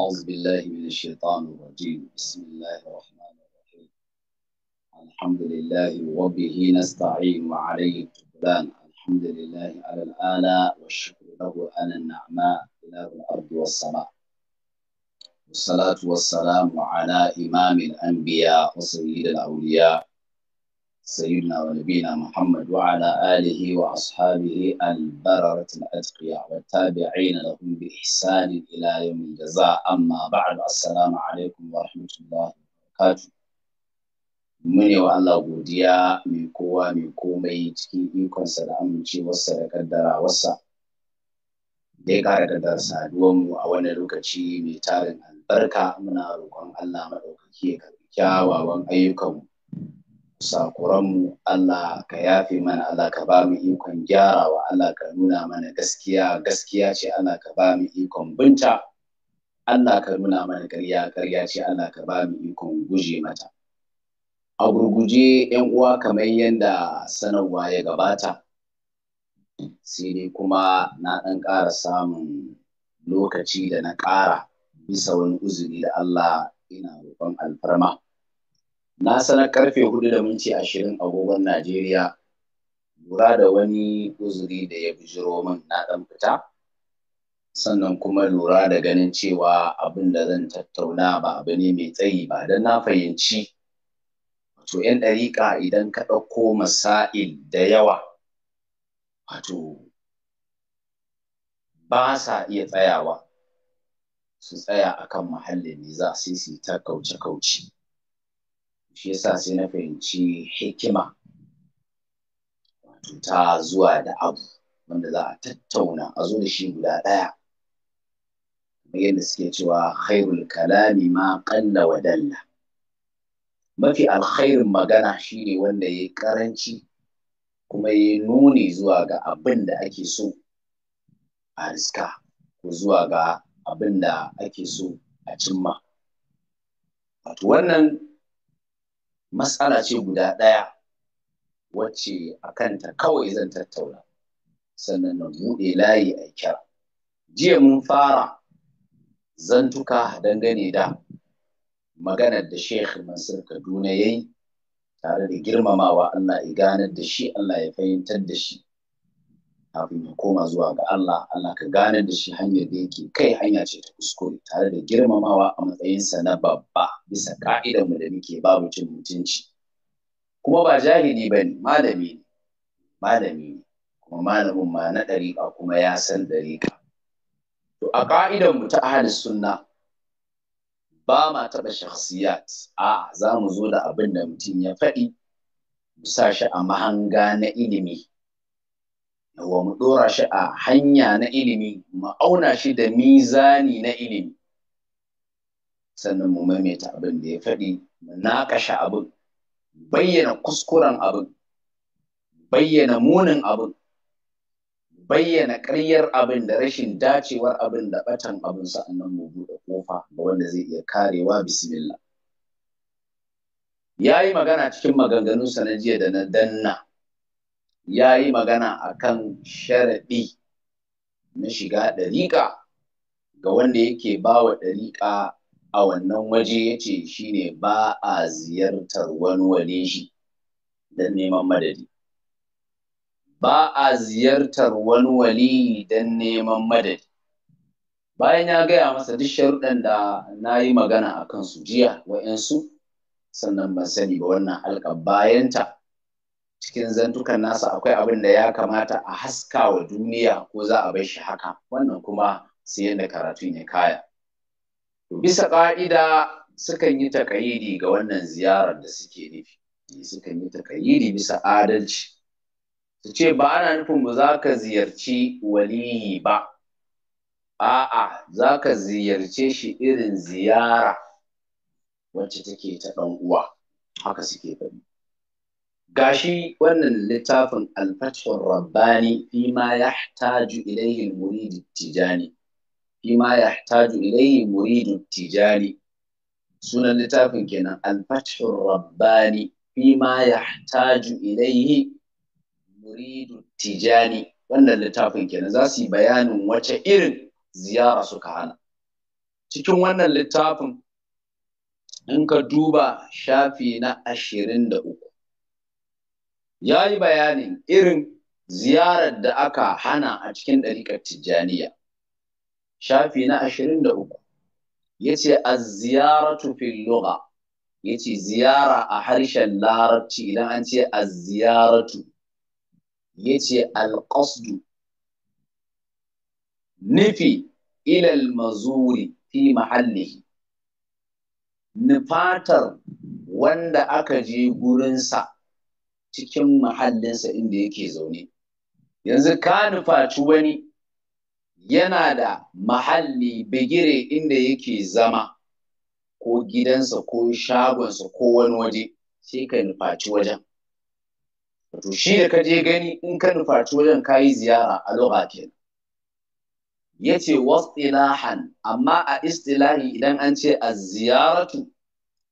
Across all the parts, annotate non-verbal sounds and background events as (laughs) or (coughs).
أعوذ بالله من الشيطان الرجيم بسم الله الرحمن الرحيم الحمد لله وبه نستعين وعليه التقلان الحمد لله على الآلاء والشكر له على النعماء إله الأرض والسماء والصلاة والسلام على إمام الأنبياء وسيد الأولياء سيدنا ونبينا محمد وعلى آله وأصحابه البررة الأتقياء والتابعين لهم بإحسان إلى يوم الجزاء أما بعد السلام عليكم ورحمة الله وبركاته mune wa Allah godiya mai kowa mai komai cikin ikonsa da amincewarsa da kaddarawarsa da ya kara kaddar saduwanmu a wani lokaci mai tarin albarka muna rokon Allah maɗaukaki ya karɓi kyawawan ayyukanmu sakuranmu Allah ka yafe mana Allah ka ba mu ikon gyarawa Allah ka nuna mana gaskiya gaskiya ce Allah ka ba mu ikon binta Allah ka nuna mana karya karya ce Allah ka ba mu ikon guje mata a gurguje yan uwa kamar yadda sanarwa ya gabata sai dai kuma na ɗan ƙara samun lokaci da na ƙara bisa wani uzuri da Allah ina roƙon alfarma na sanar karfe hudu da minti ashirin agogon Najeriya lura da wani uzuri da ya bijiro min na ɗan fita sannan kuma lura da ganin cewa abin da zan tattauna ba abu ne mai tsayi ba don na fahimci wato 'yan ɗariƙa idan ka ɗauko masa'il da yawa wato ba sa iya tsayawa su tsaya akan muhallin ne za su yi ta kauce-kauce shi yasa sai na fahimci hikima wato ta zuwa da abu wanda za a tattauna a zo da shi guda ɗaya kamar yadda suke cewa khairul kalami ma ƙalla wa dalla mafi alkhairin magana shine wanda ya ƙaranci kuma ya nuni zuwa ga abin da ake so a riska ko zuwa ga abin da ake so a cimma wato wannan matsala ce guda ɗaya wacce a kanta kawai zan tattauna sannan na buɗe layi a kira jiya mun fara zantuka dangane da maganar da Sheikh Mansur Kaduna ya yi tare da girmamawa Allah ya ganar da shi Allah ya fahimtar da shi kafin ya koma zuwa ga Allah Allah ka gane da shi hanyar da yake kai hanya ce ta kuskure tare da girmamawa a matsayinsa na babba bisa ka'idar da muke babu cin mutunci kuma ba jahili ba ne malami ne malami ne kuma malamin ma na ɗariƙa kuma ya san ɗariƙa to a ka'idar mu ta ahli sunna ba ma taɓa shakhsiyat a za mu zo da abin da mutum ya faɗi mu sa shi a mahanga na ilimi wa mu ɗora shi a hanya na ilimi mu auna shi da mizani na ilimi sannan mu maimaita abin da ya faɗi mu naƙasha abin bayyana kuskuren abin bayyana munin abin bayyana ƙaryar abin da rashin dacewar abin da ɓatan abin sa'annan mu buɗe ƙofa ga wanda zai iya karewa bismillah ya yi magana cikin maganganunsa na jiya da na danna ya yi magana a kan sharaɗi na shiga ɗariƙa ga wanda yake ba wa ɗariƙa a wannan waje ya ce shi ne ba a ziyartar wani wale shi don neman madadi. Ba a ziyartar wani wali don neman madadi. Bayan ya gaya masa duk sharuɗan da na yi magana a kansu jiya wa'yansu, sannan ban sani ba wannan halka bayanta cikin zantukan nasa akwai abin da ya kamata a haska wa duniya ko za a bai shi haka wannan kuma sai da karatun ya kaya bisa ƙa'ida sukan yi takayidi ga wannan ziyarar da suke nufi eh, sukan yi takayidi bisa adalci su ce ba ana nufin ba za ka ziyarci waliyi ba a'a za ka ziyarce shi irin ziyara wacce take ta ɗan uwa haka suke faɗi gashi wannan littafin alfatihun rabbani fi ma ya taju ilayhi tijani fi ma ya taju ilayhi tijani sunan littafin kenan alfatihun rabbani fi ma ya taju ilayhi tijani wannan littafin kenan za su yi bayanin wace irin ziyara suka hana cikin wannan littafin in ka duba shafi na ashirin da uku ya yi bayanin irin ziyarar da aka hana a cikin ɗariƙar tijjaniya shafi na ashirin da uku ya ce a ziyaratu fil ya ce ziyara a harshen larabci idan an ce a ziyaratu ya ce alƙasdu nufi ilal mazuri fi mahallihi nufatar wanda aka je gurinsa cikin mahallinsa inda yake zaune yanzu ka nufaci wani yana da mahalli bigire inda yake zama ko gidansa ko shagonsa ko wani waje sai ka nufaci wajen to shi da ka je gani in ka nufaci wajen ka yi ziyara a lura kenan ya ce wasu amma a istilahi idan an ce a ziyaratu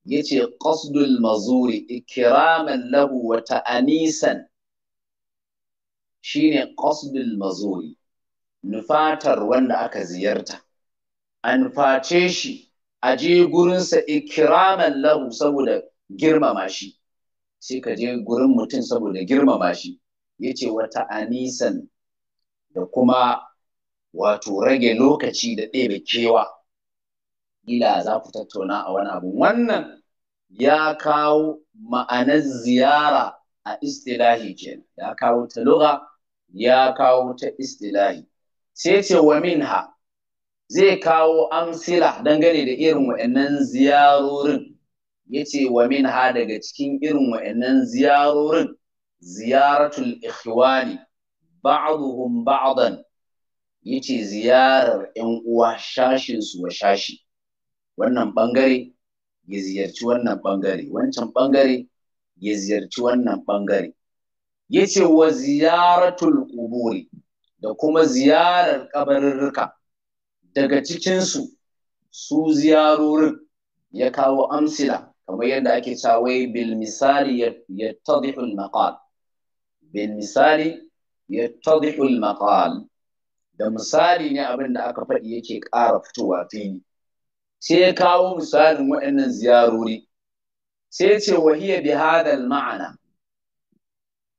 yace qasdul mazuri ikraman lahu wa ta'anisan shine qasdul mazuri nufatar wanda aka ziyarta an face shi a je gurinsa ikraman lahu saboda girmama shi sai ka je gurin mutum saboda girmama shi yace wata anisan da kuma wato rage lokaci da ɗebe kewa ila za ku tattauna a wani abu wannan ya kawo ma'anar ziyara a istilahi kenan ya kawo ta lugha ya kawo ta istilahi sai ce wa minha zai kawo amsila dangane da irin wa'annan ziyarorin yace wa minha daga cikin irin wa'annan ziyarorin ziyaratul ikhwani ba'dhum ba'dan yace ziyarar 'yan uwa shashin wa shashi wannan bangare ya ziyarci wannan bangare wancan ɓangare ya ziyarci wannan bangare yace wa ziyaratul quburi da kuma ziyarar kabarurruka daga cikinsu su ziyarorin ya kawo amsila kamar yadda ake wai bil misali yattadihul maqal bil misali yattadihul maqal da misali ne abin da aka faɗi yake ƙara fitowa fili sai ya kawo misalin waɗannan ziyarori sai ya ce wahiya bi ma'ana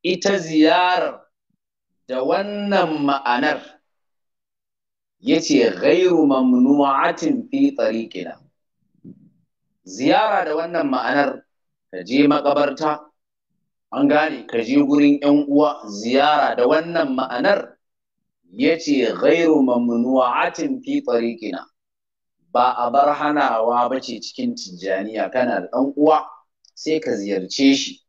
ita ziyarar da wannan ma'anar ya ce gairu mamnu'atin fi tariqina ziyara da wannan ma'anar ka je makabarta an gane ka je gurin yan uwa ziyara da wannan ma'anar ya ce gairu mamnu'atin fi tariqina ba a bar hanawa ba ce cikin tijjaniya kana da ɗan uwa sai ka ziyarce shi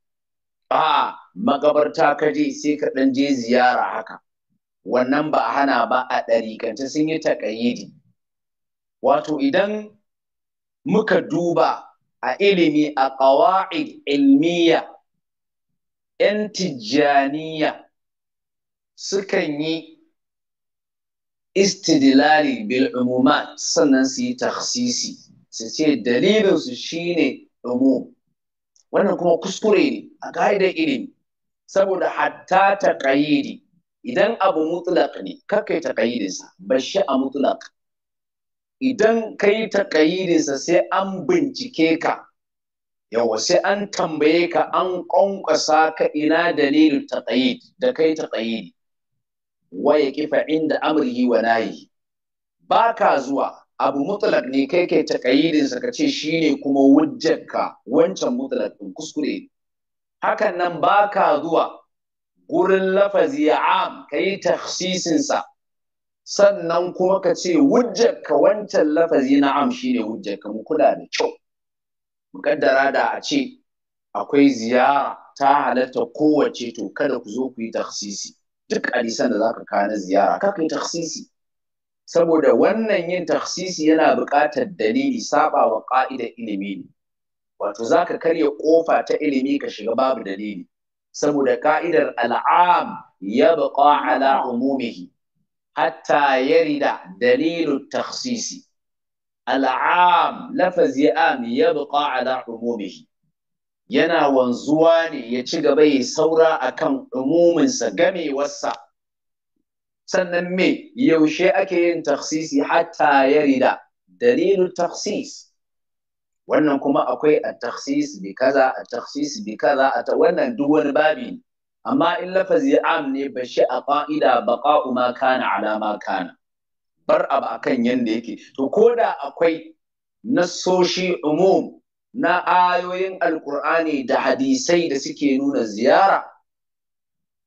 a magabarta ka je sai ka ɗan je ziyara haka wannan ba a hana ba a ɗarikanta sun yi taƙayyidi wato idan muka duba a ilimi a ƙawa'id ilmiya 'yan tijjaniya sukan yi istidilali bil umumat sannan su yi taksisi su ce dalilin su ne umum wannan kuma kuskure ne a ka'idar ilimi saboda hatta ta taqayyidi idan abu mutlaq ne kakai ba shi a mutlaq idan kai taqayyidinsa sai an bincike ka yawa sai an tambaye ka an ƙwanƙwasa ka ina dalilin taƙayid da kai taƙayidi waye kifa inda amrihi wa nayi ba ka zuwa abu mutlak ne kai kai ka sa kace shine kuma wujjarka wancan mutlak din kuskure hakan nan ba ka zuwa gurin lafazi am kai takhsisin sa sannan kuma ka ce wujjarka wancan lafazi na am shine wujjarka mu kula da kyau mukaddara da a ce akwai ziyara ta halatta kowace to kada ku zo ku yi takhsisi duk hadisan da zaka kawo na ziyara ka yi taksisi saboda wannan yin taksisi yana buƙatar dalili saba wa ƙa'idar ilimi ne wato zaka karya ƙofa ta ilimi ka shiga babu dalili saboda ƙa'idar al'am ya baƙa ala umumihi hatta yarida dalilu taksisi al'am lafazi am ya baƙa ala umumihi yana wanzuwa ne ya ci gaba ya saura akan umuminsa gamewarsa sannan me yaushe ake yin taksisi hatta yarida dalilin taksis wannan kuma akwai a taksis bi kaza a taksis bi kaza a wannan duk wani babi amma in lafazi am ne ba shi a ƙa'ida baqa'u ma kana ala ma kana bar abu akan yanda yake to koda akwai nasoshi umum na ayoyin alkur'ani da hadisai da suke nuna ziyara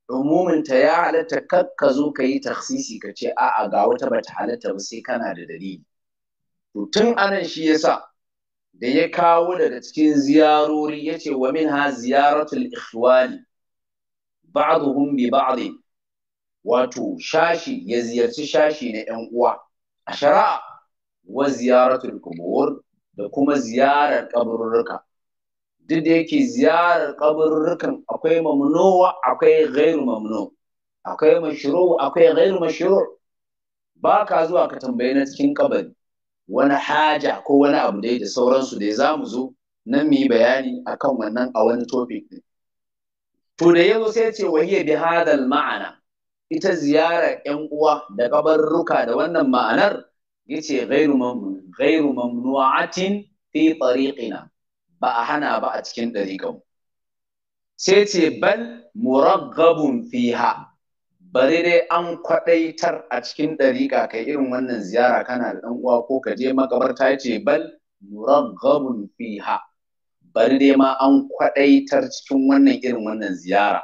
umuminta ya halatta kakka zo ka yi taksisi ka ce a'a ga wata bata halatta ba sai kana da dalili to tun anan shi yasa da ya kawo daga cikin ziyarori yace wa minha ziyaratul ikhwani ba'dhum bi ba'd wato shashi ya ziyarci shashi na yan uwa a shari'a wa ziyaratul qubur da kuma ziyarar kaburruka duk da yake ziyarar kaburrukan akwai mamnuwa akwai ghairu mamnu akwai mashru akwai ghairu mashru ba ka zuwa ka tambayi na cikin kabari wani haja ko wani abu dai da sauransu dai za mu zo nan mu yi bayani akan wannan a wani topic ɗin. To da yazo sai ce wahiya bi hadal ma'ana ita ziyarar 'yan uwa da kabarruka da wannan ma'anar yace ghairu mamnun ghairu mamnu'atin fi tariqina ba a hana ba a cikin dariƙan sai ce bal muraghabun fiha bari dai an kwaɗaitar a cikin ɗariƙa kai irin wannan ziyara kana da uwa ko ka je makabarta ya ce bal muraggabun fiha bari dai ma an kwaɗaitar cikin wannan irin wannan ziyara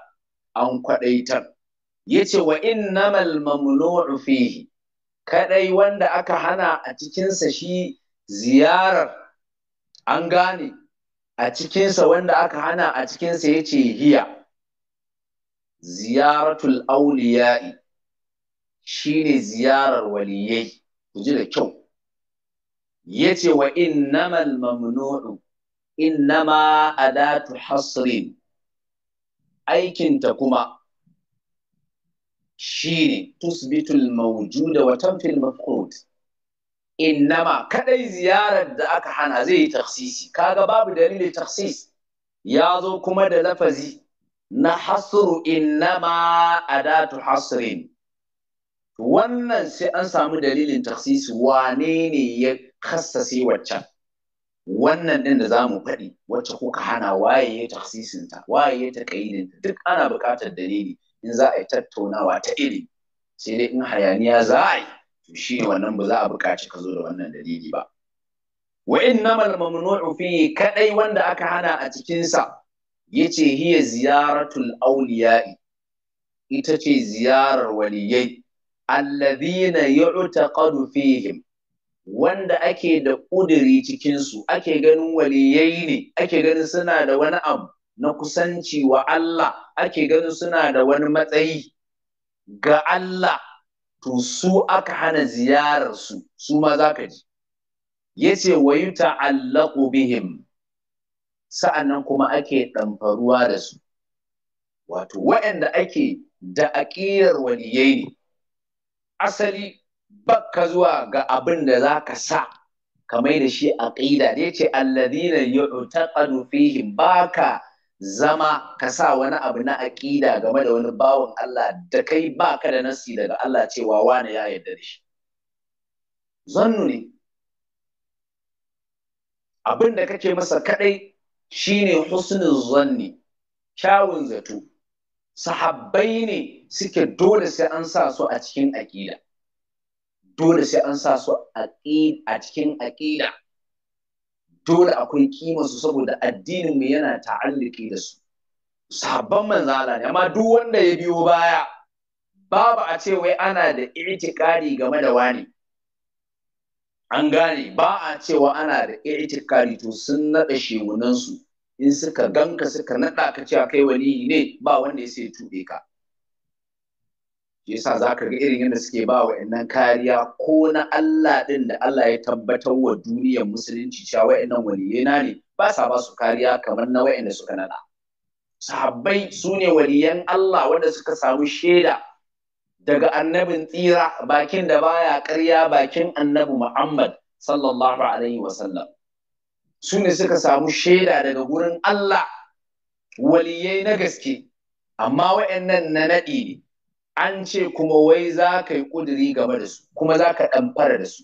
an kwaɗaitar ya ce wa innamal mamnu'u fihi kadai wanda aka hana a cikinsa shi ziyarar an gane a cikinsa wanda aka hana a cikinsa ya ce hiya ziyaratul auliya'i ne ziyarar waliyai ku ji da kyau ya ce wa innamal mamnu'u innama adatu hasrin aikinta kuma shine tusbitul mawjuda wa tanfil mafqud innama kadai ziyarar da aka hana zai yi taksisi kaga babu dalilin taksis ya zo kuma da lafazi na hasru innama adatu hasrin wannan sai an samu dalilin taksisi wane ne ya kassase waccan wannan din da zamu faɗi wacce kuka hana waye ya taksisinta waye ya taƙaidinta duk ana buƙatar dalili in za a yi tattaunawa ta iri sai dai in hayaniya za a yi to shi wannan ba za a buƙaci ka zo da wannan dalili ba wa mal mamnu'u fi kadai wanda aka hana a cikinsa sa yace hiya ziyaratul awliya'i ita ce ziyarar waliyai alladhina yu'taqadu fihim wanda ake da ƙudiri cikinsu ake ganin waliyai ne ake ganin suna da wani abu na kusanci wa Allah ake ganin suna da wani matsayi ga Allah to su aka hana ziyarar su su ma za ka ji Ya ce wa ta'allaku bihim sa'annan kuma ake ɗamfaruwa da su wato waɗanda ake da aƙirar waliyai ne asali baka zuwa ga abin da za ka sa ka da shi aƙida da ya ce alladina yu'taqadu fihim baka zama ka sa wani abu na aƙida game da wani bawan Allah da kai ba ka da nasi daga Allah cewa wane ya yarda da shi. Zannu ne, abin da kake masa kaɗai shi ne husnin zanni, kyawun zato, sahabbai ne suke dole sai an sa su a cikin aƙida. Dole sai an sa su a cikin aƙida. dole akwai su saboda addinin mu yana ta'alliki da su sabon manzala ne amma duk wanda ya biyo baya babu a ce wai ana da itikari game da wani an gane ba a cewa ana da itikari to sun naɗa shewunansu in suka ganka suka naɗa ka cewa kai waliyi ne ba wanda ya sai tuɓe ka shi yasa za ka ga irin yadda suke ba wa nan kariya ko na Allah ɗin da Allah ya tabbatar wa duniyar musulunci cewa wa'annan na ne ba sa ba su kariya kamar na wa'anda suka nada sahabbai su ne waliyan Allah wanda suka samu shaida daga annabin tsira bakin da baya ƙarya bakin annabi Muhammad sallallahu alaihi sallam su ne suka samu shaida daga gurin Allah waliyai na gaske amma wa'annan na naɗi ne an ce kuma wai za ka yi ƙuduri game da su kuma za ka ɗamfara da su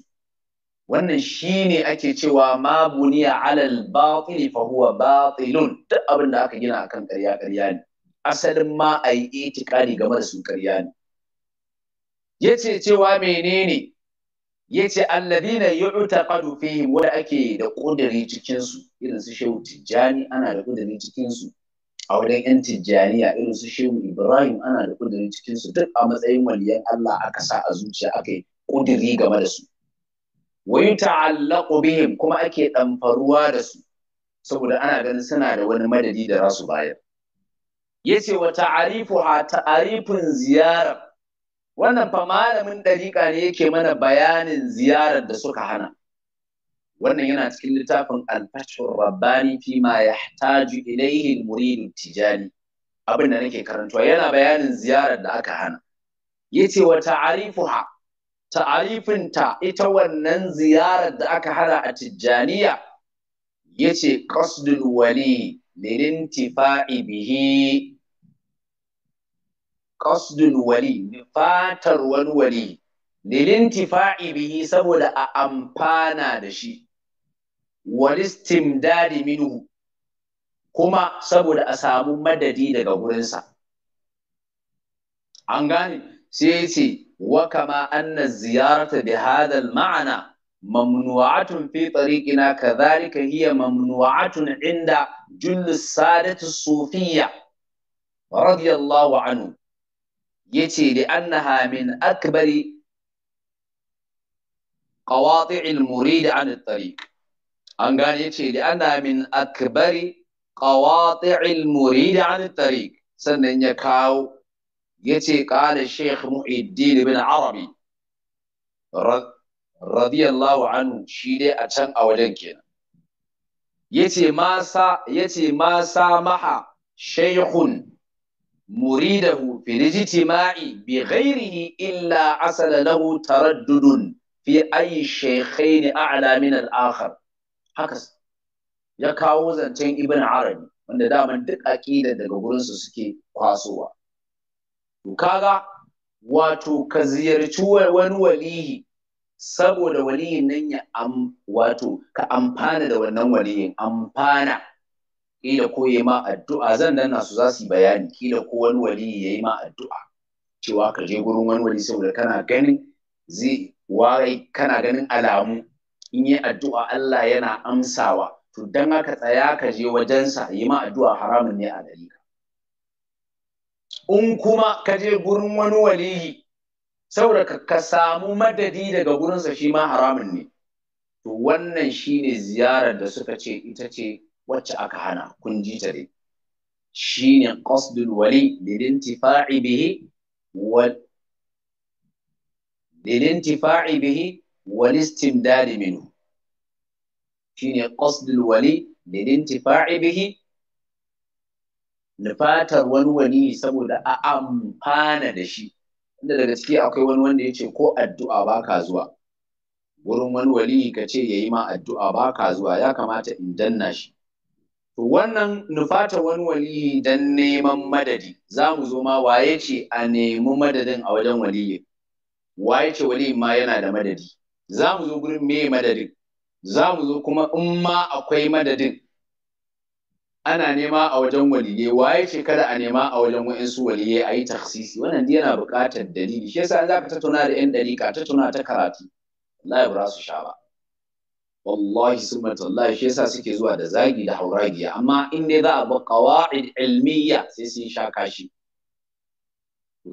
wannan shi ne ake cewa ma buniya alal batili fa huwa batilun duk abin da aka gina akan ƙarya ƙarya ne asalin ma a yi game da su ƙarya ne Ya ce cewa menene yace alladina yu'taqadu fihim wanda ake da ƙuduri cikinsu, irin su shehu tijjani ana da ƙuduri cikinsu. a wajen yan tijjaniya irin su shehu ibrahim ana da kudiri cikin su duk a matsayin waliyan allah aka sa a zuciya aka yi kudiri game da su wa ta'allaqu bihim kuma ake ɗamfaruwa da su saboda ana ganin suna da wani madadi da rasu bayar yace wa ha ta'arifin ziyarar wannan fa malamin dariƙa ne yake mana bayanin ziyarar da suka hana wannan yana cikin littafin alfashin rabbani fi ma yahtaju ilaihi muridu tijani abin da nake karantuwa yana bayanin ziyarar da aka hana ce wa ta'arifuha ta'arifinta ita wannan ziyarar da aka hana a tijjaniya yace qasdul wali lilintifa'i bihi qasdul wali fatar wani wali lilintifa'i bihi saboda a amfana da shi walistimdadi minuhu kuma saboda a samu madadi daga gurinsa an gane sai ya ce wa kama anna ziyarata bi hadal ma'ana mamnu'atun fi tariqina kadhalika hiya mamnu'atun inda jullu sadatu sufiyya radiyallahu anhu yace da annaha min akbari qawati'il murid an tariq an gane yace da ana min akbari qawati'il murid an tariq sannan ya kawo yace qala shaykh muhiddin ibn arabi radiyallahu anhu shi dai a can a wajen kenan yace ce ma sa maha shaykhun muridahu fi ijtima'i bi ghairihi illa asala lahu taraddudun fi ayi shaykhain a'la min al-akhar haka ya kawo zancen ibn arabi wanda daman duk aƙidar daga gurinsu suke kwasowa to kaga wato ka ziyarci wani walihi saboda waliyin nan ya am wato ka amfana da wannan waliyin amfana kila ko yayi ma addu'a zan nan su za su yi bayani kila ko wani ya yayi ma addu'a cewa ka je gurin wani wali saboda kana ganin zai kana ganin alamu in yi addu'a Allah yana amsawa to dan aka tsaya ka je wajensa yi ma addu'a haramun ne a gari in kuma ka je gurin wani waliyi saboda ka ka samu madadi daga gurinsa shi ma haramun ne to wannan shine ziyarar da suka ce ita ce wacce aka hana kun ji ta dai shine qasdul wali lilintifa'i bihi wal lilintifa'i bihi walistin dadi minu shine qasdul wali lil intifa'i bihi nufatar wani wani saboda a amfana da shi inda daga ciki akwai wani wanda ya ce ko addu'a ba ka zuwa wurin wani wali ka ce ya yi ma addu'a ba ka zuwa ya kamata in danna shi to wannan nufatar wani wali don neman madadi za mu zo ma waye ce a nemi madadin a wajen waliyi waye ce wali ma yana da madadi za mu zo gurin me madadin za mu zo kuma in ma akwai madadin ana nema a wajen waliye waye ce kada a nema a wajen wa'insu waliye a yi taksisi wannan dai yana buƙatar dalili shi yasa za ka tattauna da 'yan ɗariƙa tattauna ta karatu wallahi ba su sha ba wallahi mata wallahi shi yasa suke zuwa da zagi da hauragiya amma in dai za a ba qawaid ilmiya sai sun sha kashi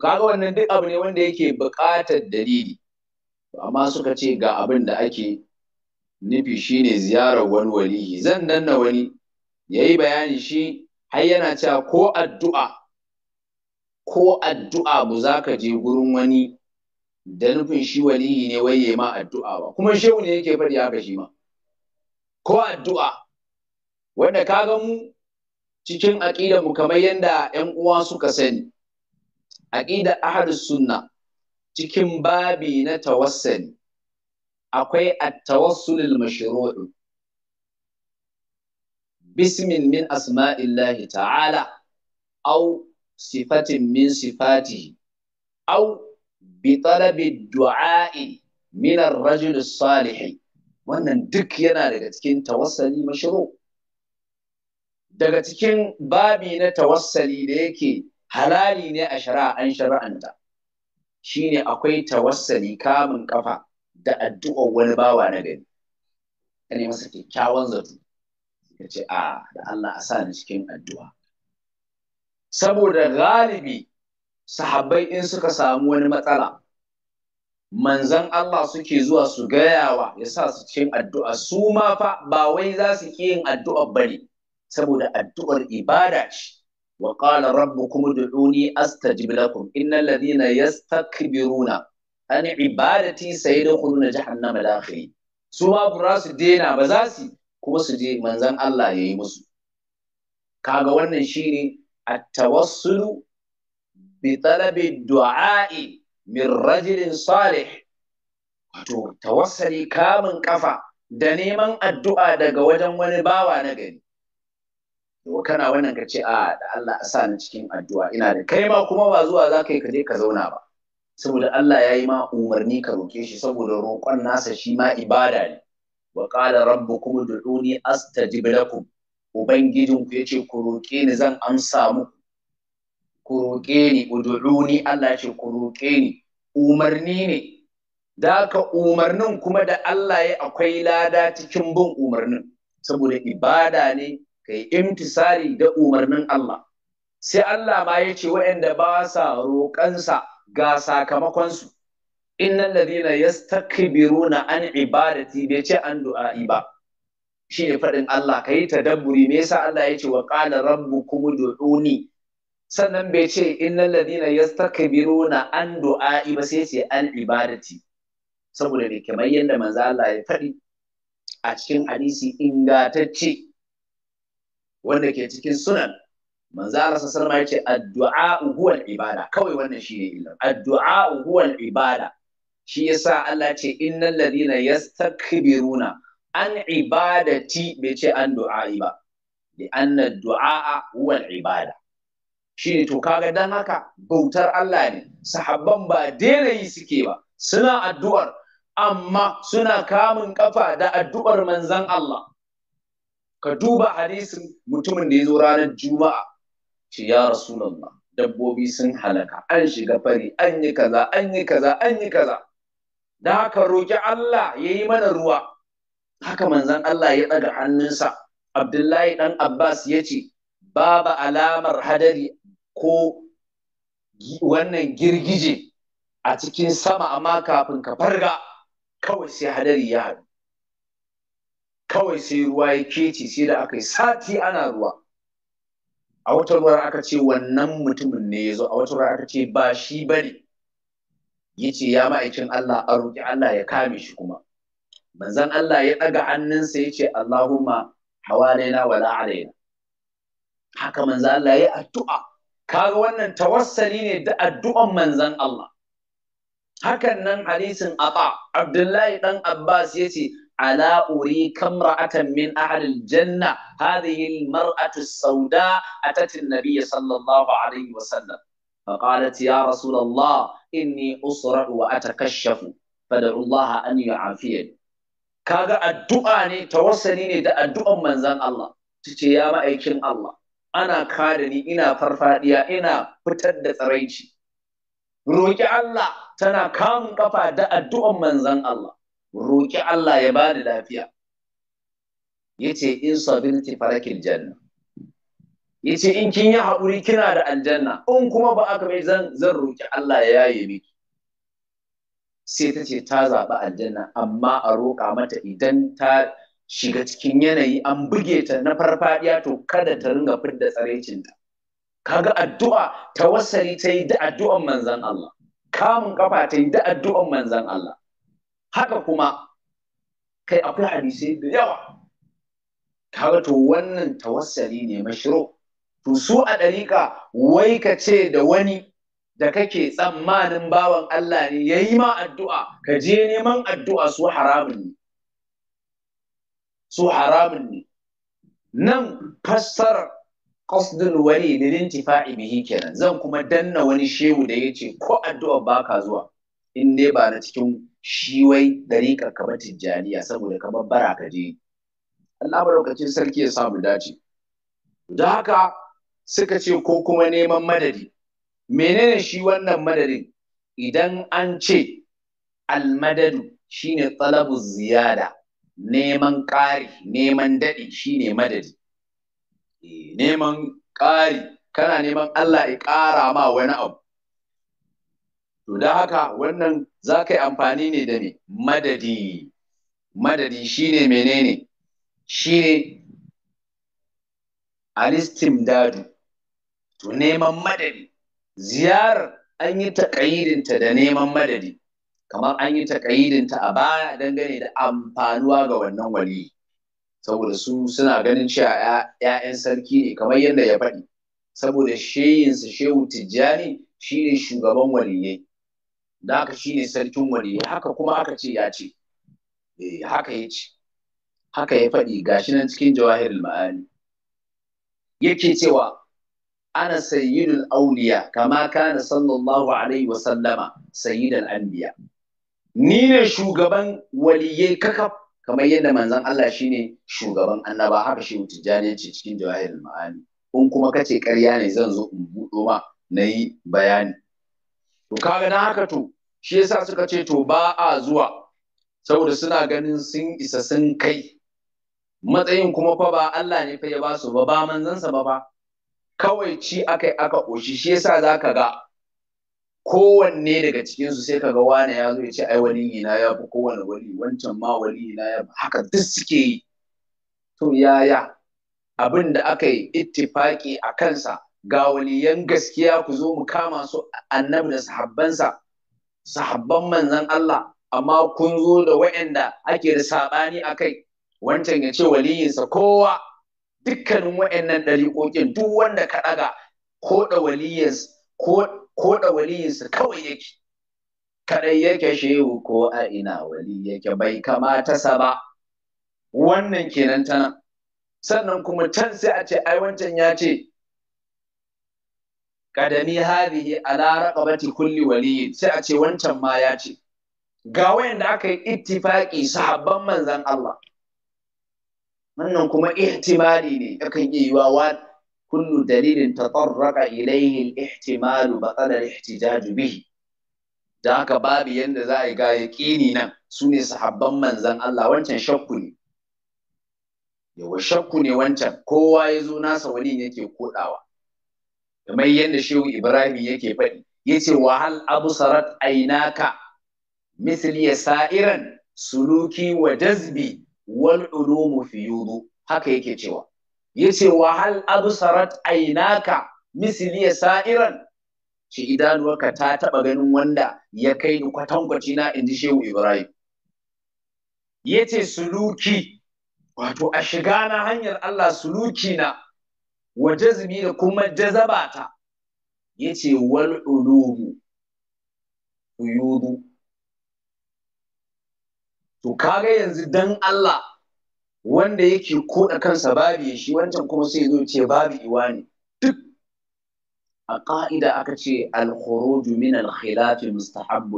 kaga wannan duk abu ne wanda yake buƙatar dalili amma suka ce ga abin da ake nufi shine ziyarar wani walihi zan danna wani ya yi bayani shi har yana cewa ko addu'a ko addu'a bu za ka je gurin wani da nufin shi walihi ne wai ya ma addu'a ba kuma shehu ne yake faɗi haka shi ma ko addu'a wanda ka ga mu cikin aƙidar mu kamar yadda 'yan uwa suka sani aƙidar ahadus sunna cikin babi na tawassali akwai at-tawassulul mashru'u bismin min asma'illahi ta'ala aw sifatin min sifatihi aw bi talabi du'a'i min ar-rajul salih wannan duk yana daga cikin tawassali mashru' daga cikin babi na tawassali da yake halali ne a shari'a an shari'anta shine akwai tawassali kamun kafa da addu'ar wani bawa na gari ka ne masa kyakkyawan zato ka ce a da Allah a sa ni cikin addu'a saboda galibi sahabbai in suka samu wani matsala manzan Allah suke zuwa su gayawa ya sa su cikin addu'a su ma fa ba wai za su ƙi yin addu'ar bane saboda addu'ar ibada ce wa qala rabbukum ud'uni astajib lakum innal ladhina yastakbiruna an ibadati sayadkhuluna jahannama dakhiri su ma ba su dena ba za su kuma su je manzon Allah yayi musu kaga wannan shine at-tawassulu bi talabi du'a'i min rajulin salih wato tawassali kamun kafa da neman addu'a daga wajen wani bawa na gari kana wannan ka ce a da Allah a sa ni cikin addu'a ina da kai ma kuma ba zuwa za ka yi ka je ka zauna ba saboda Allah ya yi ma umarni ka roke shi saboda roƙon nasa shi ma ibada ne wa qala rabbukum ud'uni astajib lakum ubangijin ku yace ku roke ni zan amsa muku ku roke ni ud'uni Allah ya ce ku roke ni umarni ne da ka umarnin kuma da Allah ya akwai lada cikin bin umarnin saboda ibada ne kai imtisari da umarnin Allah sai Allah ma ya ce waɗanda ba sa roƙansa ga sakamakonsu innal ladina yastakbiruna an ibadati bai ce an du'a'i ba shi ne faɗin Allah ka yi tadabburi me yasa Allah ya ce wa qala rabbukum ud'uni sannan bai ce innal ladina yastakbiruna an du'a'i ba sai ce an ibadati saboda ne kamar yadda manzo Allah ya faɗi a cikin hadisi ingatacce wanda ke cikin sunan manzo Allah sallallahu alaihi yace addu'a huwal ibada kawai wannan shine illar addu'a huwal ibada shi yasa Allah ce innal ladina yastakbiruna an ibadati bai ce an du'a'i ba li anna du'a huwal ibada shine to kaga dan haka bautar Allah ne sahabban ba daina yi suke ba suna addu'ar amma suna kamun kafa da addu'ar manzon Allah ka duba hadisin mutumin da ya zo ranar juma'a ce ya rasulullah dabbobi sun halaka an shiga fari an yi kaza an yi kaza an yi kaza da haka roƙi Allah ya yi mana ruwa haka manzan Allah ya ɗaga hannunsa Abdullahi ɗan Abbas ya ce babu alamar hadari ko wannan girgije a cikin sama amma kafin ka farga kawai sai hadari ya haɗu kawai sai ruwa ya keci sai da aka yi sati ana ruwa a wata ruwa aka ce wannan mutumin ne ya zo a wata ruwa aka ce ba shi ba ne ya ce ya ma'aikin Allah a roƙi Allah ya kame shi kuma manzan Allah ya ɗaga hannunsa ya ce Allahumma hawa na wala alaina haka manzan Allah ya addu'a kaga wannan tawassali ne da addu'an manzan Allah hakan nan hadisin Aba Abdullahi dan Abbas ya ce ala uri kamra'atan min ahlil janna hadhihi almar'atu as-sauda atat an-nabiy sallallahu alayhi wa sallam فقالت يا رسول الله إني أصرع وأتكشف فدعو الله أن يعافيني kaga addu'a ne tawassali ne da addu'an manzan Allah tace ya ma'aikin Allah ana kare ni ina farfadiya ina fitar da tsaraici roki Allah tana kamun ƙafa da addu'an manzan Allah roƙi Allah ya bani lafiya yace in sabirti farakin janna yace in kin yi haƙuri kina da aljanna in kuma ba aka mai zan zan roƙi Allah ya yaye miki sai ta ce ta zaɓi aljanna amma a roƙa mata idan ta shiga cikin yanayi an buge ta na farfaɗiya to kada ta ringa fidda tsaraicinta kaga addu'a tawassali ta yi da addu'an manzon Allah kamun kafa ta yi da addu'an manzon Allah haka kuma kai akwai hadisai da yawa kaga to wannan tawassali ne mashiro to su a ɗariƙa wai ka ce da wani da kake tsammanin bawan Allah ne ya yi ma addu'a ka je neman addu'a su haramun ne su haramun ne nan fassara qasdul wali lil intifa'i bihi kenan zan kuma danna wani shehu da yace ko addu'a baka zuwa in dai ba na cikin shi wai ka kama tijjaniya saboda kama bara ka je Allah lokacin sarki ya samu dace Da haka suka ce ko kuma neman madadi menene shi wannan madadin idan an ce almadadu shine talabu ziyada neman ƙari neman daɗi shine madadi eh, neman ƙari kana neman Allah ya ƙara ma wani abu to da haka wannan za ka yi amfani ne da me madadi madadi shi ne menene alistim dadu. to neman madadi ziyarar an yi taƙayidinta da neman madadi kamar an yi taƙayidinta a baya dangane da amfanuwa ga wannan wali saboda su suna ganin cewa ‘ya'yan sarki ne kamar yadda ya faɗi saboda sheyinsa shehu tijjani shi ne shugaban waliyai da haka shine sarkin wani haka kuma aka ce ya ce eh, haka ya ce haka ya faɗi gashi nan cikin jawahir ma'ani yake cewa ana sayyidul auliya kama kana sallallahu alaihi wa sallama sayyidul anbiya ni ne shugaban waliyai kakaf kamar yadda manzon Allah shine shugaban annaba haka shi tijjani ce cikin jawahir ma'ani in kuma kace ƙarya ne zan zo in buɗo ma nayi bayani to kaga na haka to shi yasa suka ce to ba a zuwa saboda suna ganin sun isa sun kai matsayin kuma fa ba Allah ne fa ya ba su ba ba manzansa ba ba kawai ci akai aka koshi shi yasa zaka ga kowanne daga cikin su sai kaga wani ya zo ya ce ai wani na ya fi kowane wali wancan ma wali na ya haka duk suke yi to yaya abin da aka yi ittifaki a kansa ga waliyan gaskiya ku zo mu kama su annabi da sahabbansa sahabban manzan Allah amma kun zo da waɗanda ake da saɓani a kai wancan ya ce waliyinsa kowa dukkanin waɗannan ɗariƙoƙin duk wanda ka ɗaga ko da waliyinsa kawai yake kadai yake shehu ko a ina wali yake bai kamata sa ba wannan kenan tana sannan kuma can sai a ce ai wancan ya ce kadami hadhihi ala raqabati kulli waliy sai a ce wancan ma ya ce ga wayanda aka yi ittifaki sahabban manzan Allah wannan kuma ihtimali ne akan iya yiwa wa kullu dalilin tatarraqa ilayhi al-ihtimalu batala al-ihtijaj bihi da haka babu yanda za a ga yaqini nan su ne sahabban manzan Allah wancan shakku ne yawa shakku ne wancan kowa ya zo nasa wani yake kodawa kamar yadda shehu ibrahim yake faɗi yace wahal hal absarat ainaka misli sa'iran suluki wa jazbi wal ulumu fi yudu haka yake cewa yace wahal hal absarat ainaka misli sa'iran shi idanuwarka ta taɓa ganin wanda ya kai ni kwatankwaci na inji shehu ibrahim yace suluki wato a shiga na hanyar Allah suluki na wa jazmi da kuma jazaba ta yace wal ulum uyudu to kaga yanzu dan Allah wanda yake koda kansa babu shi wancan kuma sai zo ce babu iwa ne duk a ka'ida aka ce al-khuruju min al-khilaf mustahab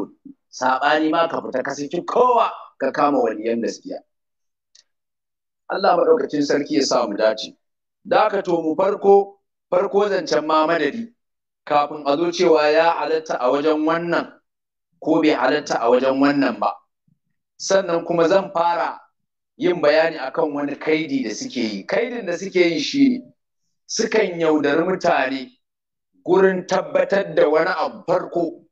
sabani ma ka fita ka saki kowa ka kama waliyan gaskiya Allah madaukakin sarki ya sa mu dace da aka to mu farko farko zancen ma madadi kafin a zo cewa ya halatta a wajen wannan ko bai halatta a wajen wannan ba sannan kuma zan fara yin bayani akan wani kaidi da suke yi kaidin da suke yi shi sukan yaudari mutane gurin tabbatar da wani abu farko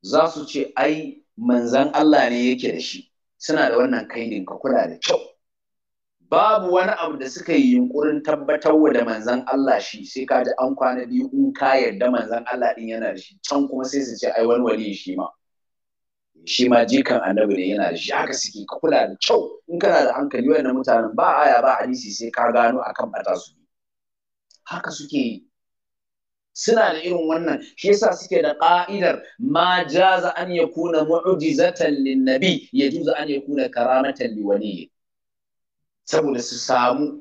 za su ce ai manzan Allah ne yake da shi suna da wannan kaidin ka kula da kyau babu wani abu da suka yi yunkurin tabbatar da manzan Allah shi sai ka ji an kwana biyu in ka yarda manzan Allah din yana da shi can kuma sai su ce ai wani wali shi ma shi ma jikan annabi ne yana da shi haka suke ka kula da kyau in kana da hankali wayannan mutanen ba aya ba hadisi sai ka gano akan bata su haka suke suna da irin wannan shi yasa suke da ƙa'idar ma jaza an yakuna mu'jizatan lin nabi yajuzu an yakuna karamatan li waliyyi saboda su samu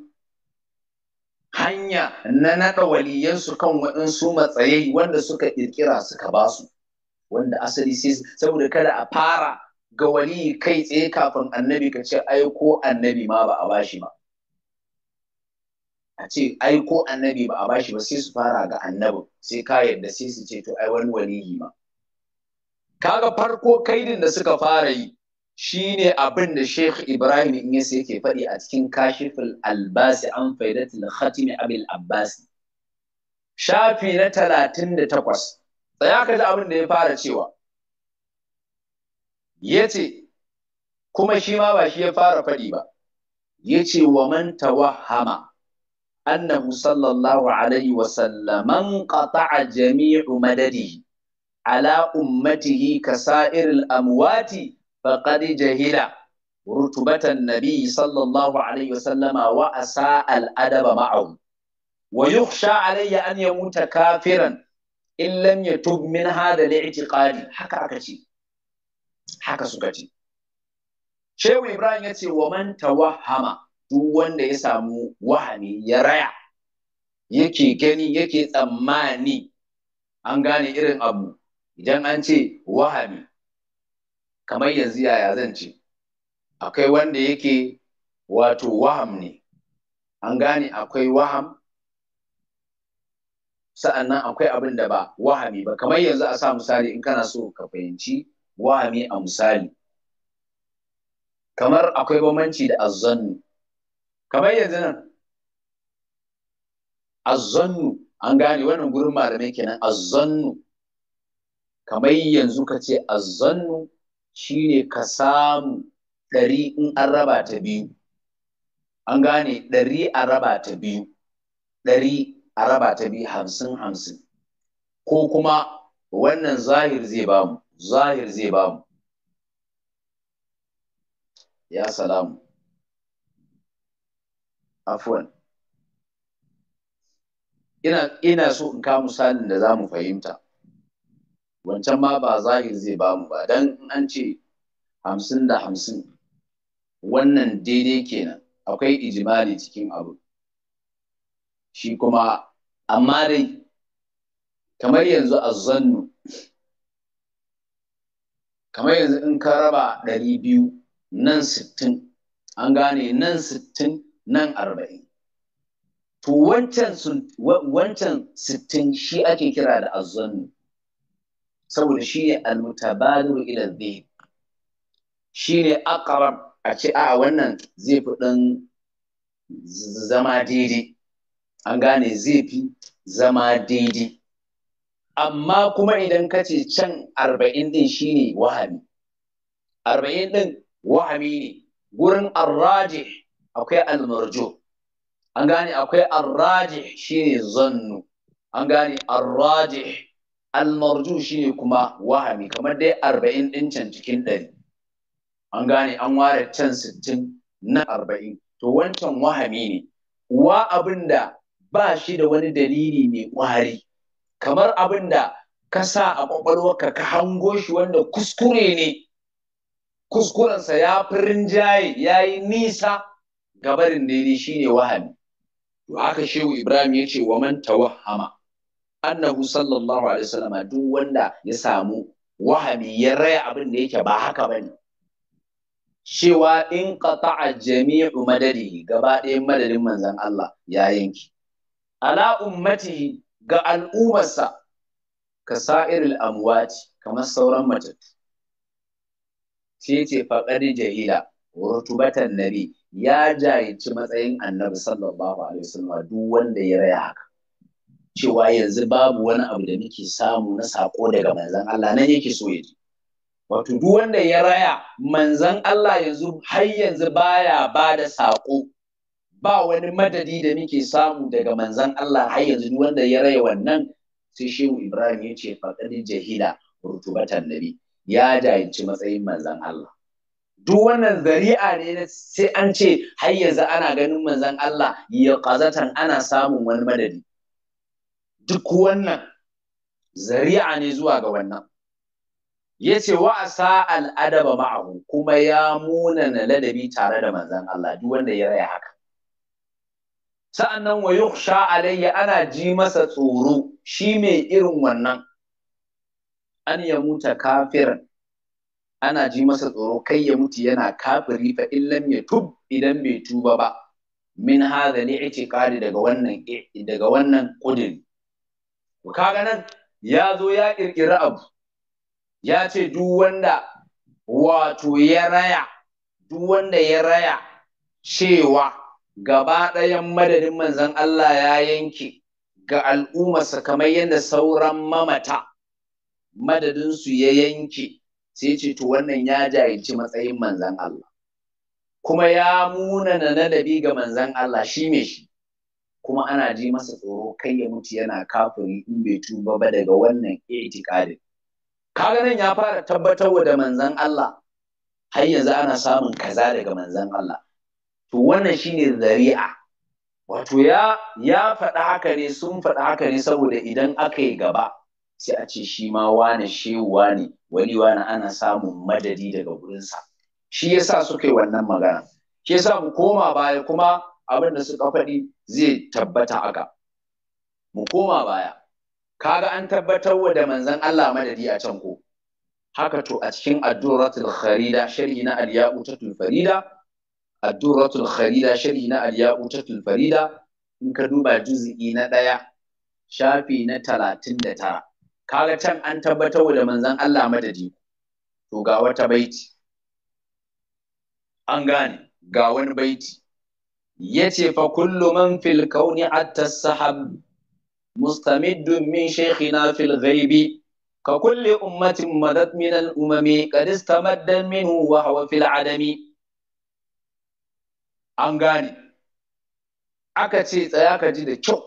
hanya na naɗa waliyansu kan waɗansu matsayai wanda suka ƙirƙira suka ba su wanda asali sai saboda kada a fara ga waliyi kai tsaye kafin annabi ka ce ai annabi ma ba a bashi ba a ce ai annabi ba a bashi ba sai su fara ga annabi, sai ka yarda sai su ce to ai wani waliyi ma kaga farko kaidin da suka fara yi shine abin da Sheikh Ibrahim yasa yake faɗi a cikin kashifin Albasi an faidatul Khatimi Abil albasi. shafi na takwas, tsaya ka ji abin da ya fara cewa Ya ce, kuma shi ma ba shi ya fara faɗi ba Ya ce wa man tawahhama annahu sallallahu alaihi wa sallaman qata'a jami'u madadihi ala ummatihi kasa'iril amwati faqad jahila rutubatan nabi sallallahu alaihi wasallama wa asa al adaba ma'ahum wa yukhsha alayya an yamuta kafiran in lam yatub min hada al-i'tiqadi haka aka ce haka suka ce Shehu Ibrahim ya ce wa manta wahama, duk wanda ya samu wahami ya raya yake gani yake tsammani an gane irin abu idan an ce wahami kamar yanzu yaya zan ce akwai wanda yake wato waham ne an gane akwai waham sa'annan akwai abin da ba wahami ba kamar yanzu a sa misali in kana so ka fahimci wahami a misali kamar akwai bambanci da azzannu kamar yanzu nan azzannu an gane wannan gurin malamai kenan azzannu kamar yanzu ka ce azzannu shine ka samu ɗari in an raba ta biyu an gane ɗari a raba ta biyu ɗari a raba ta biyu hamsin hamsin ko kuma wannan zahir zai bamu zahir zai bamu ya salamu afuwan ina so in kamu misalin da za mu fahimta wancan ma ba zahir zai ba mu ba dan an ce hamsin da hamsin wannan daidai kenan akwai ijimali cikin abu shi kuma amma dai kamar yanzu azzannu kamar yanzu in ka raba ɗari biyu nan sittin an gane nan sittin nan arba'in to wancan sittin shi ake kira da azzannu saboda shi ne almutabadiru ila dhihn shi ne aqrab a ce a wannan zai fi dan zama daidai an gane zai fi zama daidai amma kuma idan ka ce can arba'in din shi ne wahami arba'in din wahami ne gurin arraji akwai almarjo an gane akwai arraji shi ne zannu an gane arraji almarju shine kuma wahami kamar dai arba'in ɗin can cikin ɗari an gane an ware can sittin na arba'in to wancan wahami ne wa abin da ba shi da wani dalili mai ƙwari kamar abin da ka sa a ƙwaƙwalwarka ka hango shi wanda kuskure ne kuskurensa ya fi rinjaye ya yi nisa gabarin daidai shine wahami to aka shehu ibrahim ya ce wa man tawahama annahu sallallahu alaihi wasallam duk wanda ya samu wahami ya raya abin da yake ba haka bane cewa in qata'a jami'u madadi gaba ɗayan madadin manzon Allah ya yanki ala ummati ga al'ummarsa ka sa'iril amwati kamar sauran matattu sai ce faƙar jahila rutubatan nabi ya jahilci matsayin annabi sallallahu alaihi wasallam duk wanda ya raya haka cewa yanzu babu wani abu da muke samu na sako daga manzan Allah nan yake so ya ji wato duk wanda ya raya manzan Allah yanzu har yanzu baya ba da sako ba wani madadi da muke samu daga manzan Allah har yanzu duk wanda ya raya wannan sai shehu Ibrahim ya ce faqad jahila rutubatan nabi ya jahilci matsayin manzan Allah duk wannan zari'a ne sai an ce har yanzu ana ganin manzan Allah ya ana samun wani madadi duk wannan zari'a ne zuwa ga wannan yace wa asa al'adaba ma'ahu kuma ya munana ladabi tare da manzan Allah duk wanda ya raya haka nan wa yukhsha alayya ana ji masa tsoro shi mai irin wannan an ya muta kafir ana ji masa tsoro kai ya mutu yana kafiri fa illam ya tub idan bai tuba ba min hadha li'tiqadi daga wannan daga wannan kudin kaga nan ya zo ya ƙirƙiri abu ya ce duk wanda wato ya raya duk wanda ya raya cewa gaba ɗayan madadin manzon Allah ya yanke ga al'ummarsa kamar yadda sauran mamata madadinsu ya yanke sai ce to wannan ya jayanci matsayin manzon Allah kuma ya munana nadabi ga manzon Allah shi me shi kuma ana ji masa tsoro kai ya mutu yana kafiri in bai tuba ba daga wannan itikadin kaga nan ya fara tabbatar da manzon Allah har yanzu ana samun kaza daga manzon Allah to wannan shine zari'a wato ya ya faɗa haka ne sun faɗa haka ne saboda idan aka yi gaba sai a ce shi ma wani shewa ne wani wani ana samun madadi daga gurinsa shi yasa suka yi wannan magana shi yasa mu koma baya kuma abin da suka faɗi zai tabbata haka mu koma baya kaga an tabbatar wa da manzan Allah madadi a can ko haka to a cikin addu'ratul kharida sharhi na al ta farida addu'ratul kharida sharhi na al ta farida in ka duba juz'i na ɗaya shafi na talatin da tara kaga can an tabbatar wa da manzan Allah madadi to ga wata baiti an gane ga wani baiti yace fa kullu man fil kauni atta sahab mustamiddu min shaykhina fil ghaibi ka kulli ummatin madat min al umami qad istamadda minhu wa huwa fil adami an gane aka ce tsaya ka ji da kyau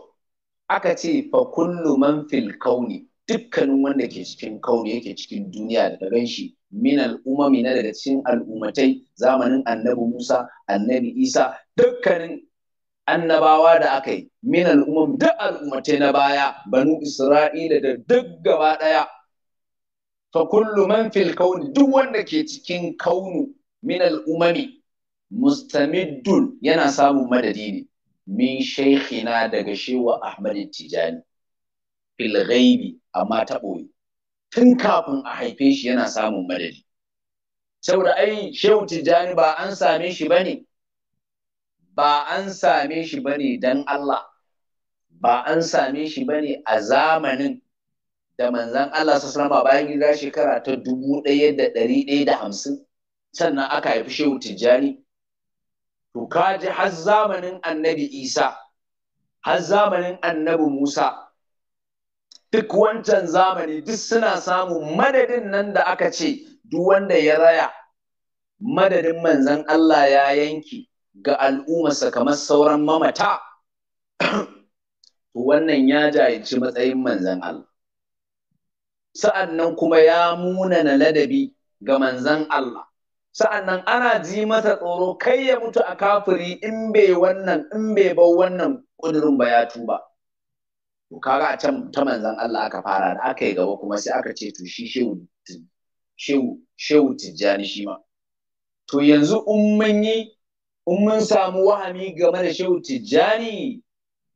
aka ce fa kullu man fil kauni dukkanin wanda ke cikin kauye yake cikin duniya da gan shi min al'umami na daga cikin al'ummatai zamanin annabi Musa annabi Isa dukkanin annabawa da aka yi min al'umam duk al'ummatai na baya banu Isra'ila da duk gaba daya fa kullu man fil kauni duk wanda ke cikin kaunu min al'umami mustamiddun yana samun madadi ne min shaykhina daga shewa Ahmad Tijani fil amma ta ɓoye tun kafin a haife shi yana samun madadi saboda ai shehu tijjani ba an same shi bane ba an same shi bane dan Allah ba an same shi bane a zamanin da manzan Allah su ba bayan gida shekara ta dubu ɗaya da ɗari ɗaya da hamsin sannan aka haifi shehu tijjani to kaji har zamanin annabi isa har zamanin annabi musa duk wancan zamani duk suna samun madadin nan da aka ce duk wanda ya raya madadin manzan Allah ya yanki ga al'ummarsa kamar sauran mamata (coughs) wannan ya jayanci matsayin manzan Allah sa'an nan kuma ya munana ladabi ga manzan Allah sa'an nan ana ji mata tsoro kai ya mutu a kafiri in bai wannan in bai bau wannan ƙudurin ba to kaga a can ta manzan Allah aka fara da aka yi gaba kuma sai aka ce to shi shehu tijjani shi ma to yanzu in mun yi in mun samu wahami game da shehu tijjani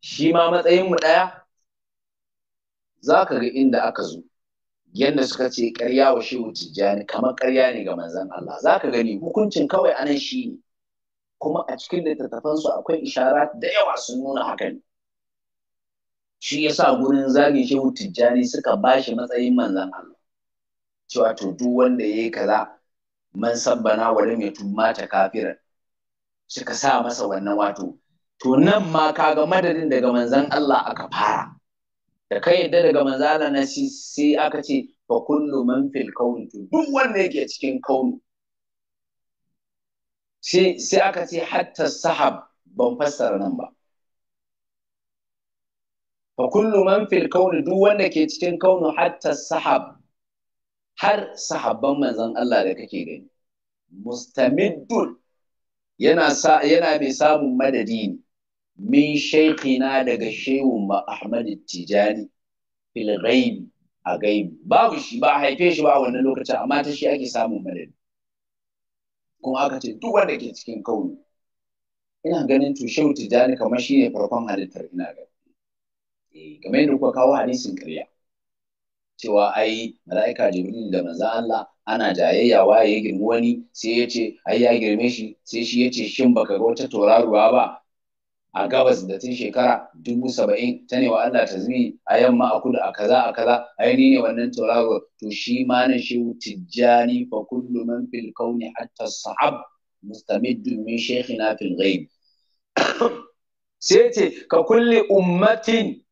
shi ma matsayin mu daya za ka ga inda aka zo yadda suka ce karya wa shehu tijjani kamar karya ne ga manzan Allah za ka gani hukuncin kawai anan shi ne kuma a cikin littattafansu akwai isharat da yawa sun nuna hakan ne shi ya sa gurin zagin shehu tijjani suka bashi matsayin manzan Allah cewa to duk wanda yayi kaza man sabbana wa mai tumma ta kafiran suka sa masa wannan wato to nan ma kaga madadin daga manzan Allah aka fara da ka yadda daga manzan Allah na sai aka ce fa kullu man fil kaun to duk wanda yake cikin kauni sai aka ce hatta sahab ban fassara nan ba fa kullu man fil kauni duk wanda ke cikin kaunu har sahabban manzon Allah da kake gani mustamiddun yana sa yana mai samun madadi ne min shaykhina daga shehun ma Ahmad Tijani fil ghaibi babu shi ba haife shi ba a wannan lokacin amma ta shi ake samun madadi kuma aka ce duk wanda ke cikin kauni ina ganin to tijani kamar shine ne farkon halittar ina gani Eh, kamar da kuka kawo hadisin ƙarya cewa ai mala'ika jibril da manzo Allah ana jayayya waye ya girmi wani sai ya ce ai ya girme shi sai shi ya ce shin baka ga wata tauraruwa ba a gabas da tun shekara dubu saba'in ta ne wa Allah ta tasbihi a yamma a kudu a kaza a kaza ai ni ne wannan tauraruwa to shi ma nan shi tijjani fa kullu man fil kauni hatta sahab mustamiddu min shaykhina fil ghaib (coughs) sai ce ka kulli ummatin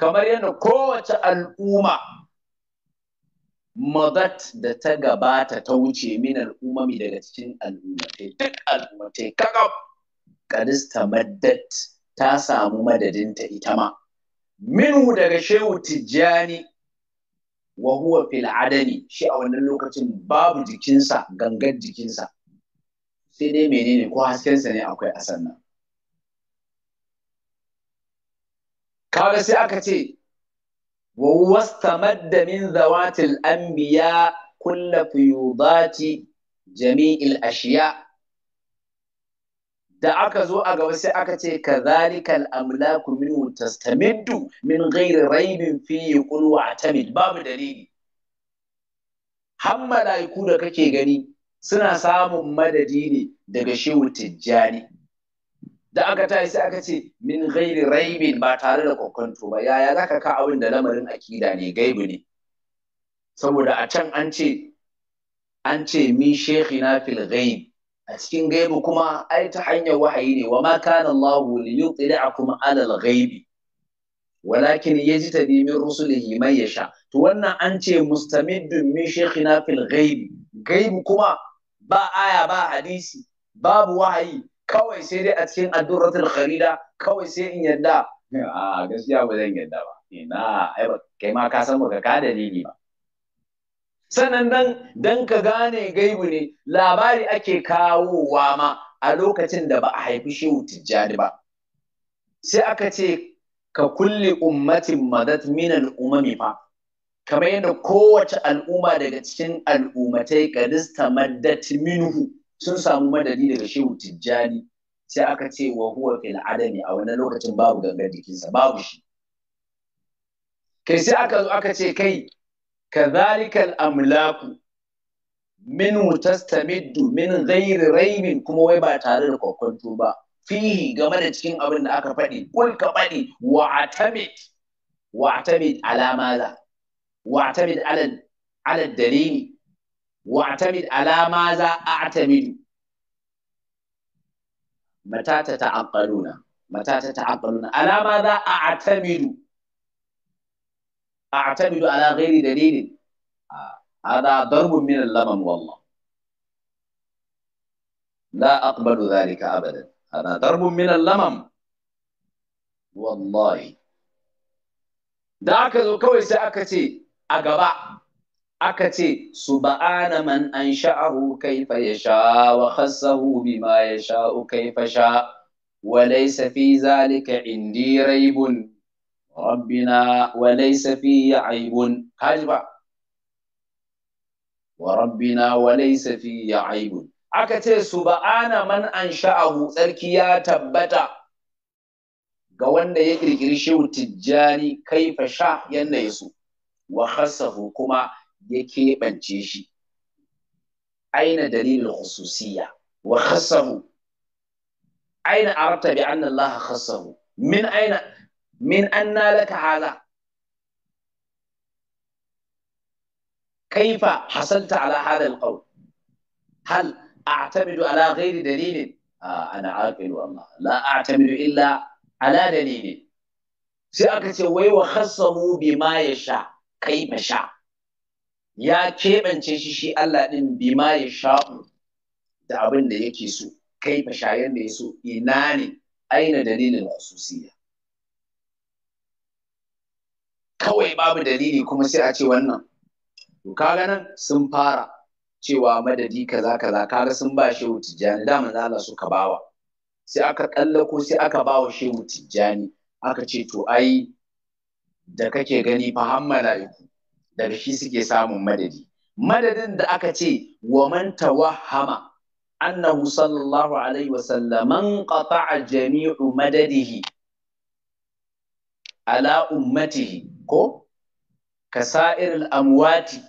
kamar yadda kowace al'umma madat da ta gabata ta wuce min al'umami daga cikin al'ummatai duk al'ummatai kakaf ƙarista madad ta samu madadin ta ita ma minhu daga shehu tijjani wa huwa fil adani shi a wannan lokacin babu jikinsa gangar jikinsa sai dai menene ko haskensa ne akwai a sannan kaga sai aka ce wa wastamadda min zawatil anbiya kulla fiyudati jami'il ashiya da aka zo a gaba sai aka ce kadhalika al-amlaku minhu tastamiddu min ghairi raibin fi qul wa atamid babu dalili Hamma da kake gani suna samun madadi ne daga shehu tijjani da aka tayi sai aka ce min ghairi raibin ba tare da kokonto ba yaya zaka ka abin da lamarin akida ne gaibu ne saboda a can an ce an ce min shekhina fil ghaib a cikin gaibu kuma ai ta hanyar wahayi ne wa ma kana Allah li yutli'akum ala al ghaibi walakin yajtadi min rusulihi man yasha to wannan an ce mustamiddun min shekhina fil ghaibi gaibu kuma ba aya ba hadisi babu wahayi kawai sai dai a cikin addu'ratul kharida kawai sai in yadda a gaskiya ba zan yadda ba ina ai kai ma ka san ba ka dalili ba sannan dan dan ka gane gaibu ne labari ake kawowa ma a lokacin da ba a haifi shehu tijjani ba sai aka ce ka kulli ummatin madat al umami fa kamar yadda kowace al'umma daga cikin al'ummatai lista maddat minhu sun samu madadi daga shehu tijjani sai aka ce wa huwa fil adami a wannan lokacin babu gangan jikinsa babu shi kai sai aka zo aka ce kai kadhalikal amlaku min tastamiddu min ghairi raibin kuma wai ba tare da kokonto ba fihi game da cikin abin da aka faɗi kul ka faɗi wa atamid wa atamid ala maza wa atamid ala ala dalili wa'tamid ala ma za a atamidu mata ta ta'aqqaluna mata ta a أعتمد على غير دليل هذا ضرب من اللمم والله لا أقبل ذلك أبدا هذا ضرب من اللمم والله da aka zo kawai sai aka ce a gaba aka ce su subhana man ansha'ahu kaifa ya sha, wa khassahu bima yasha'u kaifa sha wa laysa fi zalika indi raibun rabbina wa laysa fi aibun kaji ba wa rabbina wa laysa fi aibun aka ce su subhana man ansha'ahu tsarki ya tabbata ga wanda ya kirkiri shehu tijjani kaifa sha yanda yaso wa khassahu kuma ya keɓance shi aina dalilin khususiyya wa khassahu aina arabta bi anna Allah khassahu min aina min anna laka hala كيف حصلت على هذا القول هل أعتمد على غير دليل آه أنا عاقل والله لا أعتمد إلا على دليل سأكتب ويوخصموا بما يشاء كيف sha. ya keɓance shi shi Allah ɗin bima ya sha'u da abin da yake so kai fashayen da ya so ina ne aina dalilin hususiya kawai babu dalili kuma sai a ce wannan to kaga nan sun fara cewa madadi kaza kaza kaga sun ba shehu tijjani da manzo Allah suka bawa sai aka ko sai aka bawa shehu tijjani aka ce to ai da kake gani fa hammala iku daga shi suke samun madadi madadin da aka ce wa man tawahhama annahu sallallahu alaihi wasallaman qata'a jami'u madadihi ala ummatihi ko kasa'iril amwati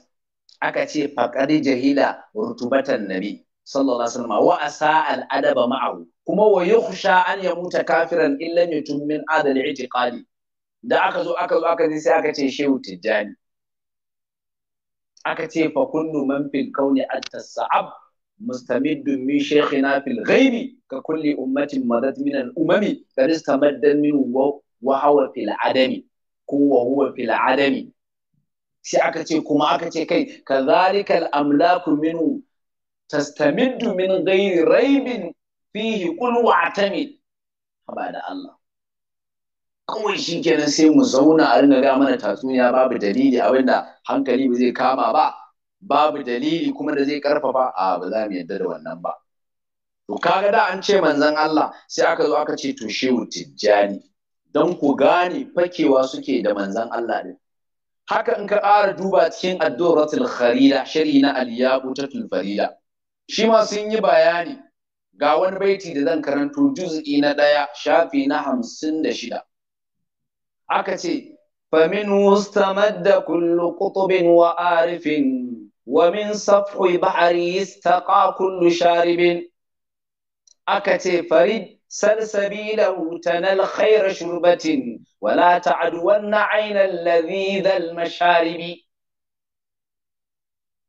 aka ce faƙari jahila rutubatan nabi sallallahu alaihi wa asa al adaba ma'ahu kuma wa yukhsha an yamuta kafiran illa yutun min adal i'tiqadi da aka zo aka zo aka sai aka ce shehu tijjani aka ce fa kullu man fil kauni at-tasab mustamiddu min shaykhina fil ghaibi ka kulli ummatin madat min al-umami qad istamadda min wa hawa fil adami ko wa huwa fil adami sai aka ce kuma aka ce kai kadhalika al-amlaku minhu tastamiddu min ghairi raibin fihi qul wa'tamid haba da Allah kawai shi kenan sai mu zauna a rinna ga mana tatsuniya babu dalili abinda hankali ba zai kama ba babu dalili kuma da zai karfafa a ba za mu yarda da wannan ba to kaga da an ce manzon Allah sai aka zo aka ce to shehu tijjani don ku gane fakewa suke da manzon Allah din haka in ka ƙara duba cikin addu'ratul kharila shari na al ta farida shi ma sun yi bayani ga wani baiti da zan karanto juz'i na ɗaya shafi na hamsin da shida aka ce famin wusta madda kullu ƙutubin wa arifin wa min safhi ba'ari yastaqa kullu sharibin aka ce farid salsabila wutan alkhair shurbatin wa la ta'du wanna aina alladhi dhal masharibi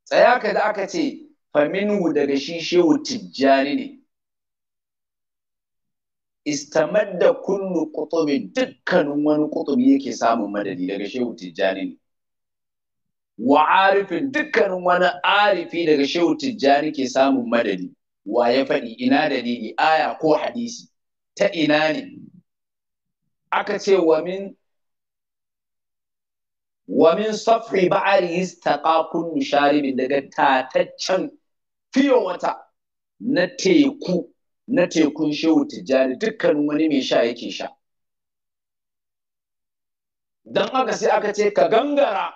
tsaya ka da aka ce faminu daga shi shehu tijjani ne da kullu qutubin dukkanin wani kutubi yake samun madadi daga shehu tijjani ne wa arifin dukkanin wani arifi daga shehu tijjani ke samun madadi wa ya faɗi ina da dalili aya ko hadisi ta ina ne aka ce wa min wa min safi ba'ari istaqa kullu sharibin daga tataccen fiye wata na teku na tekun shehu tijjani dukkan wani mai sha yake sha don haka sai aka ce ka gangara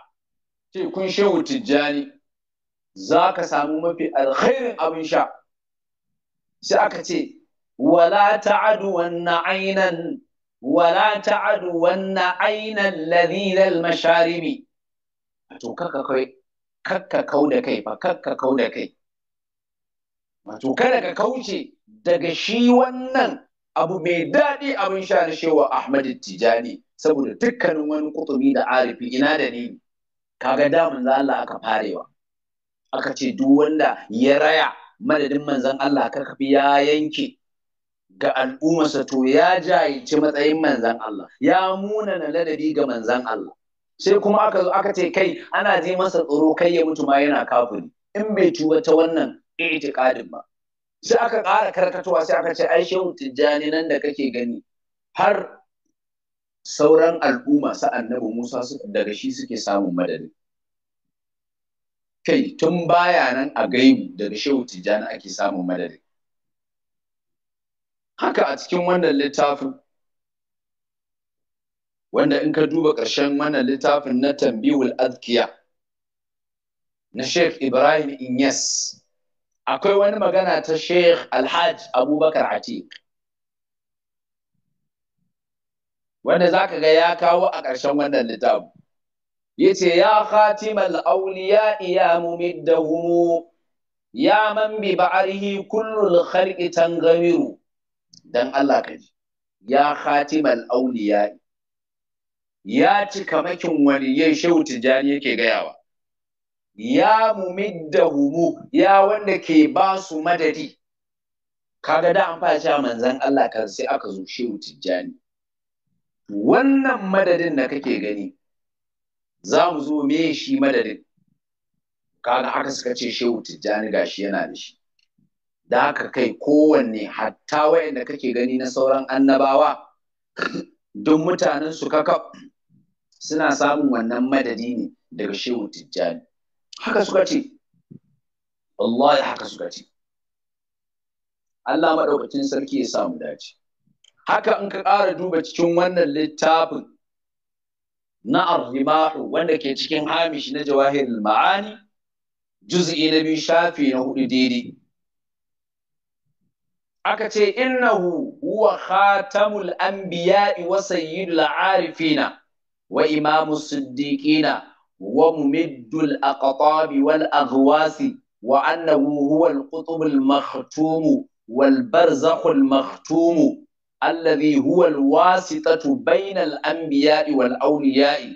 tekun shehu tijjani za ka samu mafi alkhairin abin sha sai aka ce wala ta'adu wanna ainan wala ta'adu wanna ainan Lalilal masharimi to kaka kai kakka kau da kai fa kakka kau da kai wato kada ka kauce daga shi wannan abu mai daɗi abin sha na shewa Ahmadu Tijani saboda dukkanin wani kutumi da arifi ina da ni kaga da za Allah aka farewa aka ce duk wanda ya raya madadin manzon Allah ka ya yanke ga al'ummarsa to ya jayinci matsayin manzon Allah ya muna na ladabi ga manzon Allah sai kuma aka zo aka ce kai ana je masa tsoro kai ya mutu ma yana kafiri in bai tuba ta wannan i'tiqadin ba sai aka ƙara karkatowa sai aka ce ai shehu tijjani nan da kake gani har sauran al'umma sa annabi Musa daga shi suke samun madadin kai tun baya nan a gaimu, daga shehu tijjani ake samun madadin haka a cikin wannan littafin wanda in ka duba ƙarshen wannan littafin na tambiwul adkiya na Sheikh Ibrahim Inyas akwai wani magana ta Sheikh Alhaj Abubakar atik wanda zaka ga ya kawo a ƙarshen wannan littafin yace ya khatimal awliya ya mumiddahu ya man bi ba'rihi kullul khalqi tangamiru dan Allah ka ji ya khatimal awliya ya cika makin wani yayin shehu tijani yake gayawa ya humu ya wanda ke ba su madadi kaga da an fasha manzan Allah kan sai aka zo shehu tijjani wannan madadin da kake gani za mu zo me shi madadin kaga aka suka ce shehu tijjani gashi yana da shi da haka kai kowanne hatta wayanda kake gani na sauran annabawa duk mutanen su kaka suna samun wannan madadi ne daga shehu tijjani haka suka ce wallahi haka suka ce Allah maɗaukacin sarki ya samu dace haka in ka ƙara duba cikin wannan littafin na arrimahu wanda ke cikin hamish na jawahirul ma'ani juz'i na biyu shafi na hudu daidai aka ce innahu huwa khatamul anbiya'i wa sayyidul arifina wa imamu siddiqina وممد الأقطاب والأغواس وأنه هو القطب المختوم والبرزخ المختوم الذي هو الواسطة بين الأنبياء والأولياء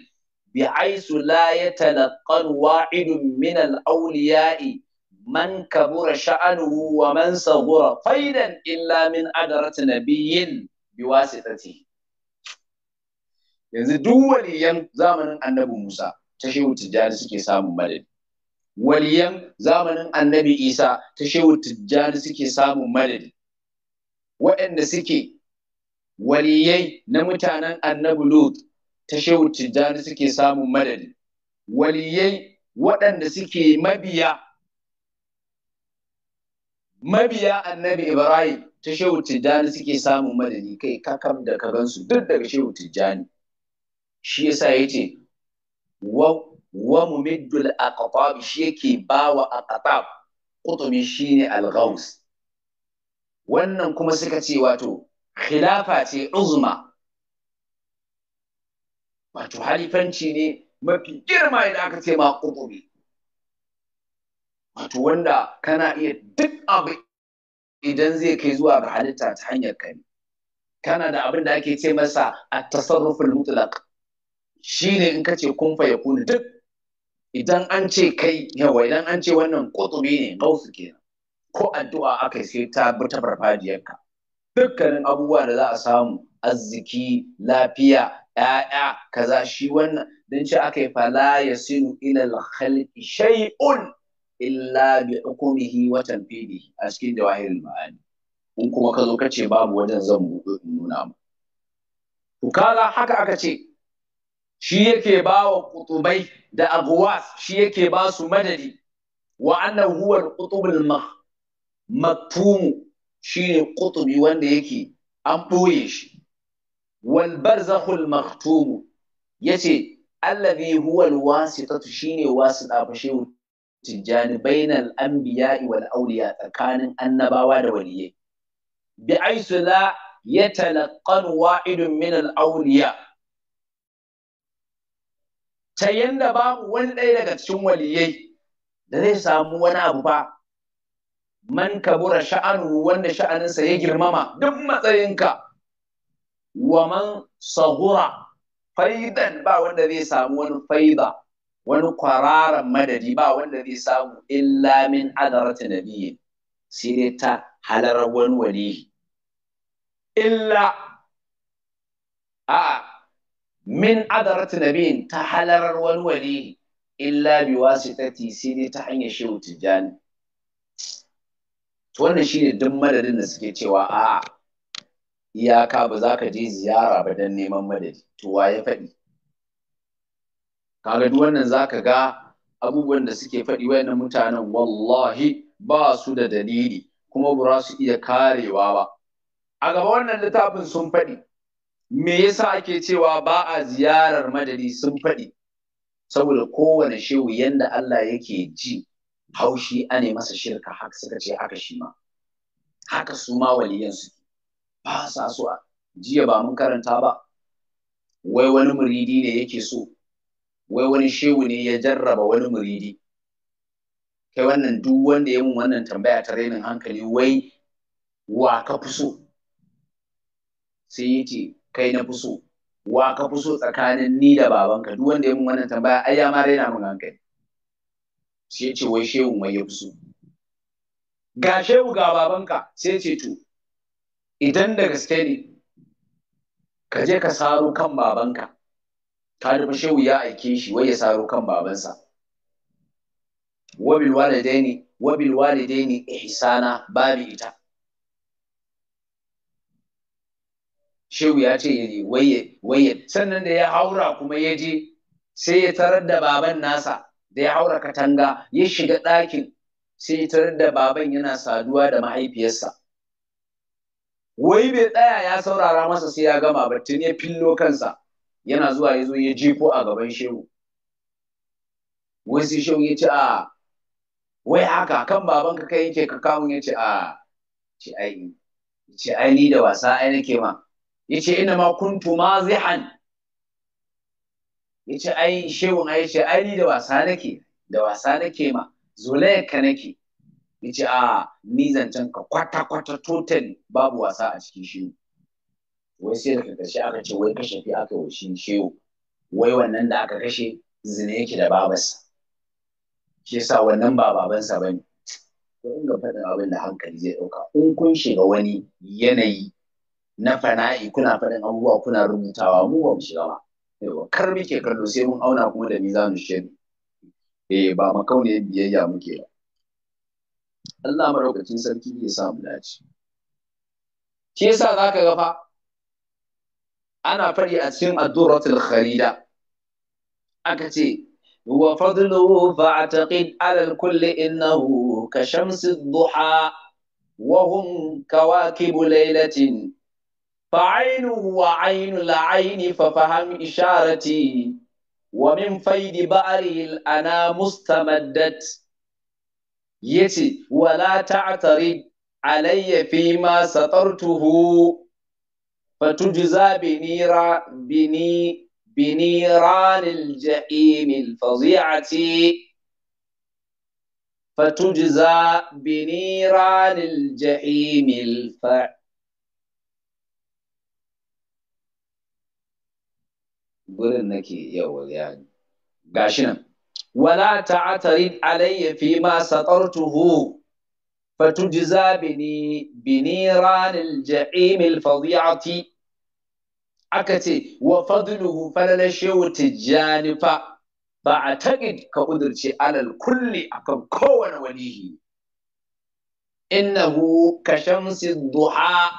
بحيث لا يتلقن واحد من الأولياء من كبر شأنه ومن صغر فيدا إلا من أدرة نبي بواسطته yanzu duk waliyan zamanin annabi Musa ta shehu tijjani suke samun madadi waliyan zamanin annabi isa ta shehu tijjani suke samun madadi waɗanda suke waliyai na mutanen annabi lut ta shehu tijjani suke samun madadi waliyai waɗanda suke mabiya mabiya annabi ibrahim ta shehu tijjani suke samun madadi kai kakam da kagansu duk daga shehu tijjani shi yasa yace wa wa mumiddul aqtab shi yake bawa aqtab qutumi shine al-ghaus wannan kuma suka ce wato khilafa ce uzma wato halifanci ne mafi girma idan aka ce ma qutumi wato wanda kana iya duk abu idan zai kai zuwa ga halitta ta hanyar kai kana da abin da ake ce masa at-tasarruful mutlaq shi ne in ka ce kun fa kuni duk idan an ce kai yawa idan an ce wannan kutubi ne gausu kenan ko addu'a aka yi sai ta bi ta farfajiyarka dukkanin abubuwa da za a samu arziki lafiya ‘ya'ya kaza shi wannan don ce aka yi fala ya sinu ilal khalqi shay'un illa bi hukumihi wa tanfidihi a cikin jawahirul ma'ani in kuma ka zo ka ce babu wajen zan buɗe nuna mu to kaga haka aka ce shi yake ba wa kutubai da agwas shi yake ba su madadi wa annan huwal kutubul maktumu shi ne kutubi wanda yake an ɓoye shi wal barzakhul maktumu yace allazi huwa alwasitatu shine wasu fa shehu tijjani bainal anbiya'i wal awliya tsakanin annabawa da waliyai bi aisula la wa'idun min al awliya ta yanda babu wani ɗaya daga cikin waliyai da zai samu wani abu ba man kabura sha'anu wanda sha'aninsa ya girmama duk matsayinka wa man sahura faidan ba wanda zai samu wani faida wani kwararan madadi ba wanda zai samu illa min adarati nabiyyi sai dai ta halarar wani wali illa a min adarat nabiyin ta halarar wani wali illa bi wasitati sai dai ta hanyar shehu tijjani to wannan shine duk madadin da suke cewa a iyaka ba za ka je ziyara ba don neman madadi to wa ya faɗi kaga duk wannan za ka ga abubuwan da suke faɗi wayannan mutanen wallahi ba su da dalili kuma ba su iya karewa ba a gaba wannan littafin sun faɗi me yasa ake cewa ba a ziyarar madadi sun faɗi saboda kowane shehu yanda Allah yake ji haushi ane masa shirka haka suka ce haka shi ma haka su ma waliyan su ba sa so a jiya ba mun karanta ba wai wani muridi ne yake so wai wani shehu ne ya jarraba wani muridi kai wannan duk wanda ya mun wannan tambaya ta rainin hankali wai wa ka fi so sai yake kai na fi so wa ka fi so tsakanin ni da babanka duk wanda ya mun wannan tambaya ai ya ma raina mun hankali sai ce wai shehu mai ya fi so ga shehu ga babanka sai ce to idan da gaske ne ka je ka saro kan babanka ka nufi shehu ya aike shi wai ya saro kan babansa wabil walidaini wabil walidaini ihsana babu ita shehu ya ce ya waye waye sannan da ya haura kuma ya je sai ya tarar da baban nasa da ya haura katanga ya shiga ɗakin sai ya tarar da baban yana saduwa da mahaifiyarsa wai bai tsaya ya saurara masa sai ya gama ba tun ya fillo kansa yana zuwa ya zo ya jefo a gaban shehu wai sai shehu ya ce a wai haka kan babanka kai yake ka kamun ya ce a ce ai ni da wasa ai nake ma yace ina ma kuntu mazihan yace ai shehu ai yace ai ni da wasa nake da wasa nake ma zulayka nake yace a ni zancan ka kwata kwata total babu wasa a cikin shehu wai sai daga kashi aka ce wai kashe fi aka wushi shehu wai wannan da aka kashe zina yake da babarsa shi yasa wannan ba babansa bane ko inga faɗin abin da hankali zai ɗauka in kun shiga wani yanayi na fana'i kuna faɗin abubuwa kuna rubutawa mu ba mu shiga ba yawa kar muke kallo sai mun auna kuma da mizanu shari eh ba makauniyar biyayya muke ba Allah maraukakin sarki ya sa mu dace shi yasa zaka ga fa ana faɗi a cikin addu'ratul kharida aka ce wa fadluhu fa'taqid 'ala al-kulli innahu ka shamsi ad-duha wa hum kawakibu laylatin فعينه وعين العين ففهم إشارتي ومن فيد بأري الأنا مستمدت يتي ولا تعترض علي فيما سطرته فتجزى بنيرا بني بنيران الجحيم الفظيعة فتجزى بنيران الجحيم الفظيعة gurin nake yawa yani gashi nan wala ta'atarin alayya fi ma satartuhu fatujza bini biniranil ja'imil fadiyati aka ce wa fadluhu falala shehu tijjani fa ba a taƙid ka udurce alal kulli akan kowane walihi innahu ka shamsi duha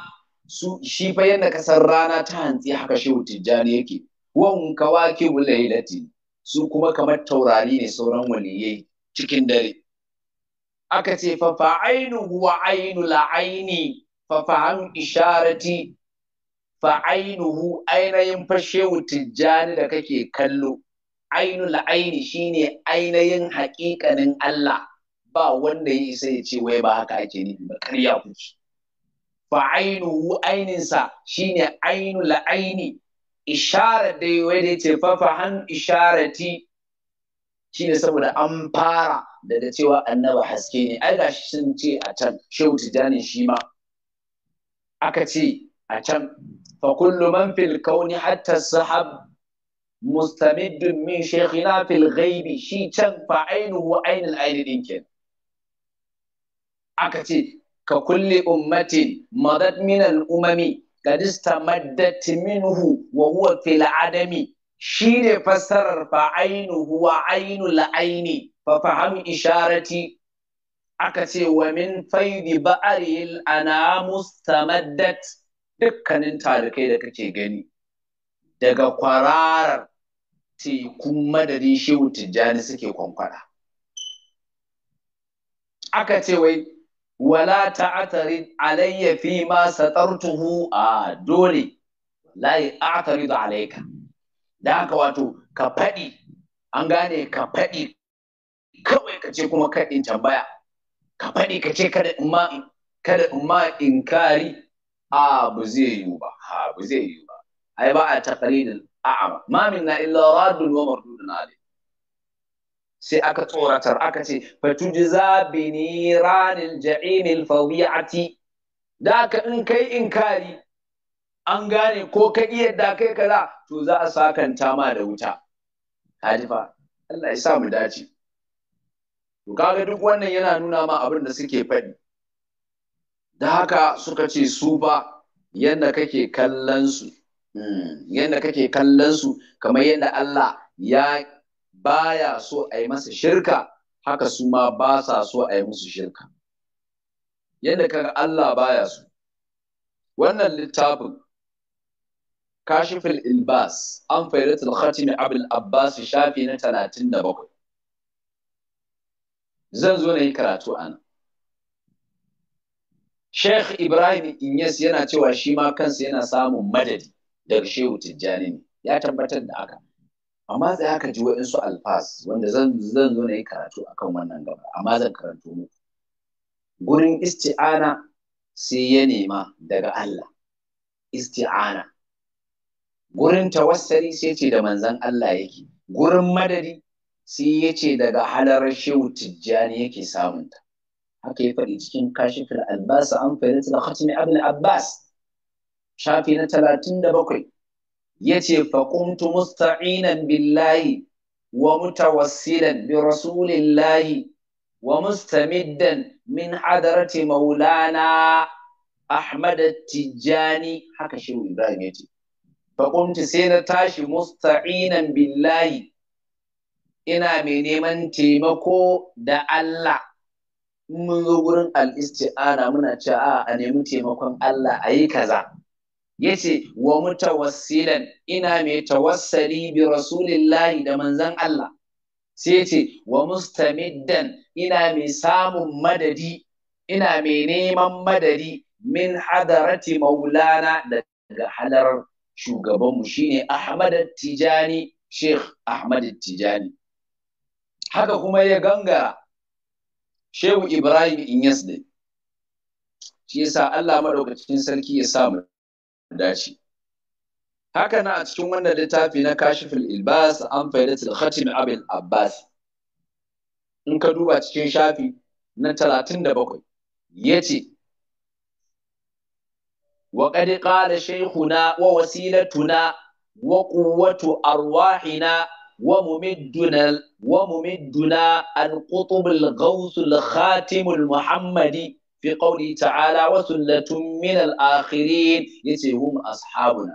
su shi fa yadda kasar rana ta hantsi haka shehu tijjani yake wahum kawakibu lailati su kuma kamar taurari ne sauran waliyai cikin dare aka ce fa ainu wa ainu la'aini fa an isharati fa ainuhu ainihin fashewu tijjani da kake kallo ainu la'aini shine ainihin haƙiƙanin Allah ba wanda ya isa ya ce wai ba haka ake nufi ba karya kuke fa ainihu aininsa shine ainu la'aini isharar dai wani ce fafa han isharati ne saboda an fara dada cewa annaba haske ne ai ga sun ce a can shehu tijani shi ma aka ce a can fa kullu man fil kauni hatta sahab mustamiddun min shaykhina fil ghaibi shi can fa ainuhu ainul aini dinkin aka ce ka kulli ummatin madat min al umami Ganista maddat timinihu wa Uwafila Adamu shine fassarar fa ainihu wa aini la'aini fa fahim isharati, aka ce wa min faɗi ba'arin ana musu dukkanin tarukai da kake gani, daga kwararar tekun madari shi tijjani suke kwankwada. Aka ce. wala ta ta'tarid alayya fi ma satartuhu a dole wallahi a'tarid alayka da haka wato ka faɗi an gane ka faɗi kawai ka ce kuma kaɗin tambaya ka faɗi ka ce kada in ma kada in ma a bu zai yiwu ba ha bu zai yiwu ba ai ba a taqridul a'ama ma minna illa raddun wa mardudun alayh sai aka tsoratar aka ce jiza bi ranil ja'imil fadi'ati da aka in kai inkari an gane ko ka iya da kai kaza to za a sakanta ma da wuta kaji fa Allah ya sa mu dace to kaga duk wannan yana nuna ma abin da suke faɗi da haka suka ce su ba yadda kake kallon su hmm, yadda kake kallon su kamar yadda Allah ya baya so a yi masa shirka haka su ma ba sa so a yi musu shirka yadda kaga Allah baya so wannan littafin kashifin ilbas an fayyadatul khatimi abul abbas shafi na 37 zan zo na yi karatu a nan Sheikh Ibrahim Inyas yana cewa shi ma kansa yana samun madadi daga Shehu Tijjani ne ya tabbatar da haka amma sai aka ji waɗansu alfas wanda zan zan zo na yi karatu akan wannan gaba amma zan karanto muku gurin isti'ana sai ya nema daga Allah isti'ana gurin tawassali sai ce da manzan Allah yake gurin madadi sai ya ce daga halarar shehu tijjani yake samun ta. haka ya faɗi cikin kashifin albasa an fahimta da khatimi abin abbas shafi na talatin da bakwai yace fa qumtu musta'inan billahi wa mutawassilan bi rasulillahi wa mustamiddan min hadarati maulana Ahmad Tijjani haka Shehu Ibrahim yace fa qumtu sai na tashi musta'inan billahi ina mai neman taimako da Allah mun zo gurin al-isti'ana muna cewa a nemi taimakon Allah a yi kaza yace wa mutawassilan ina mai tawassali bi rasulillahi da manzan Allah sai yace wa mustamiddan ina mai samun madadi ina mai neman madadi min hadarati maulana daga halarar shugabanmu shine Ahmad Tijani Sheikh Ahmad Tijani haka kuma ya ganga Shehu Ibrahim Inyas ne shi yasa Allah madaukakin sarki ya samu dace haka na a cikin wannan littafi na kashifin ilbas an faidatul khatim abin abbas in ka duba cikin shafi na talatin da bakwai ya ce wa qad qala wa wasilatuna wa ƙuwatu arwahina wa mumidduna wa mumidduna al al muhammadi fi qawli ta'ala wa sunnatun min al-akhirin yace hum ashabuna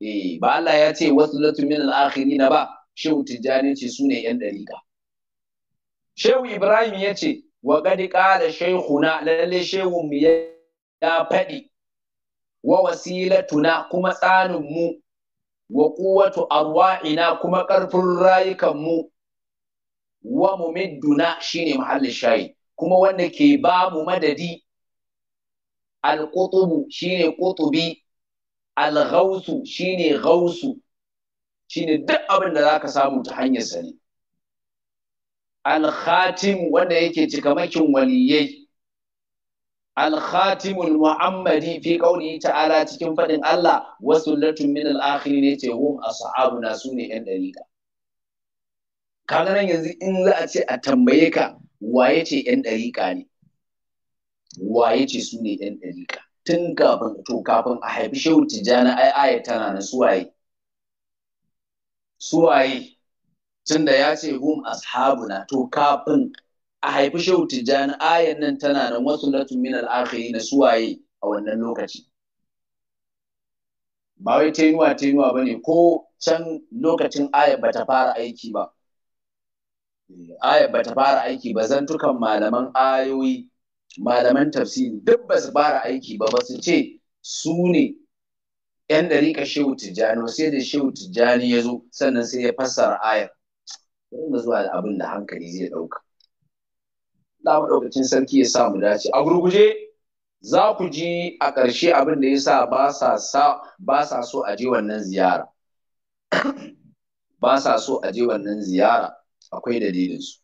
eh ba Allah ya ce wa sunnatun min al-akhirin ba shehu tijjani ce sune yan dariƙa shehu ibrahim ya ce wa qad qala shaykhuna lalle shehu mu ya faɗi wa wasilatuna kuma tsanin mu wa quwwatu arwa'ina kuma ƙarfin rayukan mu wa mumidduna shine muhallin shayi kuma wanda ke ba mu madadi al-qutubu shine qutubi al-ghausu shine ghausu shine duk abin da ka samu ta hanyar sani ne wanda yake cikamakin waliyai al-khatimul muhammadi fi ta ta'ala cikin faɗin Allah wasu latun min al a yace hum su sune yan dariqa kaga nan yanzu in za a ce a tambaye ka waye ce yan ɗariƙa ne waye ce su ne yan ɗariƙa tun kafin to kafin a haifi shehu tijjani ai aya tana na suwaye suwaye tun da ya ce hum ashabuna to kafin a haifi shehu tijjani ayan nan tana na wasu latun min al'akhiri na suwaye a wannan lokaci ba wai tenuwa tenuwa ba ne ko can lokacin 'aya ba ta fara aiki ba aya ba ta fara aiki ba zantukan malaman ayoyi malaman tafsiri duk ba su fara aiki ba ba su ce su ne yan dariƙa shehu tijjani sai da shehu tijjani ya zo sannan sai ya fassara ayar da zuwa da abin da hankali zai ɗauka Allah maɗaukacin sarki ya sa mu dace a gurguje za ku ji a ƙarshe abin da ya sa ba sa so a je wannan ziyara ba sa so a je wannan ziyara (coughs) akwai dalilinsu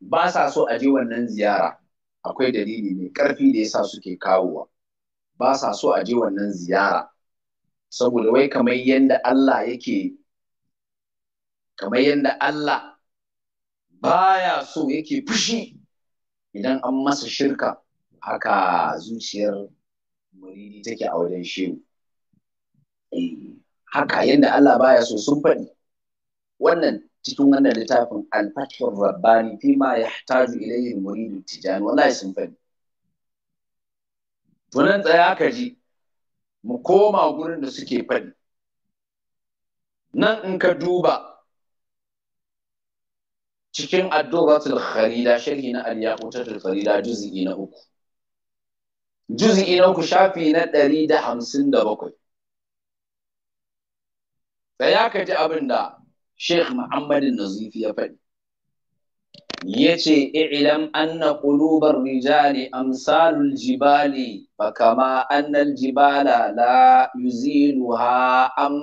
ba sa so a je wannan ziyara akwai dalili mai ƙarfi da ya sa suke kawowa ba sa so a je wannan ziyara saboda wai kamar yadda Allah yake kamar yadda Allah baya so yake fushi idan an masa shirka haka zuciyar muridi take a wajen shehu eh, haka yadda Allah baya so sun faɗi wannan cikin wannan littafin alfatihun rabbani fi ma ya ilayin muridu tijani wallahi sun fadi tunan tsaya ka ji mu koma gurin da suke fadi nan in ka duba cikin addu'atul kharida sharhi na al-yaqutatul kharida juz'i na uku juz'i na uku shafi na ɗari da hamsin da bakwai tsaya ka ji abin da Sheikh Muhammad Nazifi ya faɗi. yace i'lam anna qulubar rijali amsalul jibali fa kama anna jibala la yuziluha am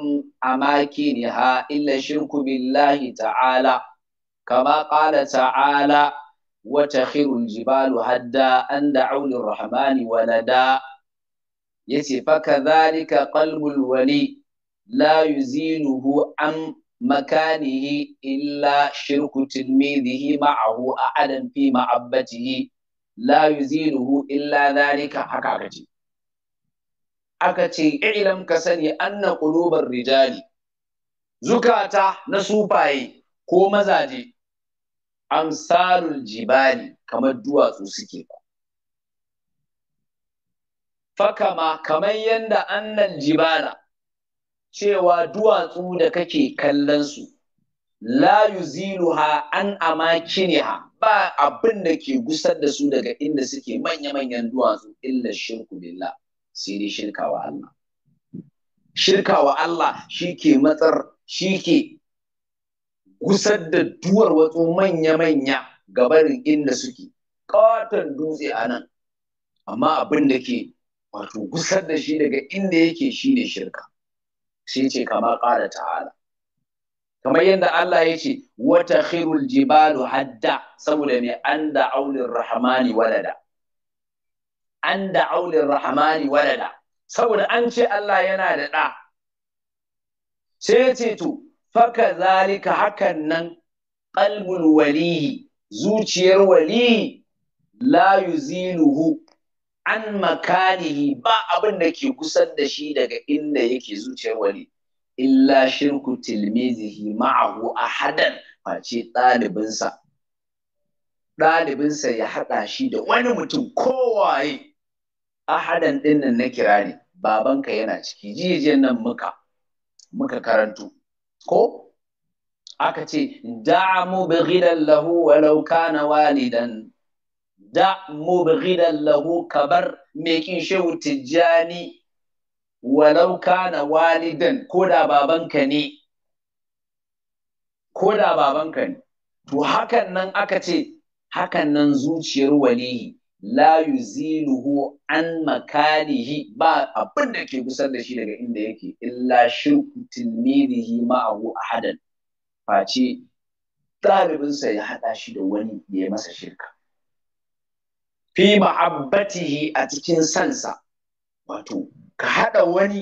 ha, illa shirku billahi ta'ala kama qala ta'ala wa takhirul jibalu hadda an da'u rahmani walada yace fa kadhalika qalbul wali la hu, am yi illa shirku tilmidihi ma'ahu a adam fi ma'abbatihi la yuziluhu illa dhalika haka aka je. aka ce ilam ka sani anna qulubar rijali zukata na sufaye ko mazaje amsalul jibali kamar duwatsu suke ba fakama kamar yadda annan jibala cewa duwatsu da kake kallon su la yuziluha an amakiniha ba abin da ke gusar da su daga inda suke manya-manyan duwatsu illa shirku billah sai dai shirka wa Allah shirka wa Allah shike matsar shike gusar da duwar watsu manya-manya gabarin inda suke katon dutse a nan amma abin da ke wato gusar da shi daga inda yake shine shirka sai ce kamar ƙara ta'ala kamar yadda Allah ya ce wata khirul jibalu hadda saboda mai an da aulin rahamani walada an da aulin rahamani walada saboda an ce Allah yana da ɗa sai ya ce to faka zalika hakan nan qalbul walihi zuciyar walihi la zinuhu an makanihi ba abin da ke kusan da shi daga inda yake zuciyar wani illa shirku tilmizihi ma'ahu ahadan face ɗalibinsa ɗalibinsa ya haɗa shi da wani mutum kowaye ahadan hadan nan na kira ne babanka yana ciki jiye nan muka muka karantu ko aka ce da'amu bi lahu walau kana walidan da mubghidan lahu kabar mai kin shehu tijjani walau kana walidan ko da babanka ne ko da babanka ne to hakan nan aka ce hakan nan zuciyar walihi la yuziluhu an makalihi ba abin da ke gusar da shi daga inda yake illa shirku tilmidihi ma'ahu ahadan face ɗalibinsa ya haɗa shi da wani ya masa shirka fi ma'abbatihi a cikin sansa wato ka haɗa wani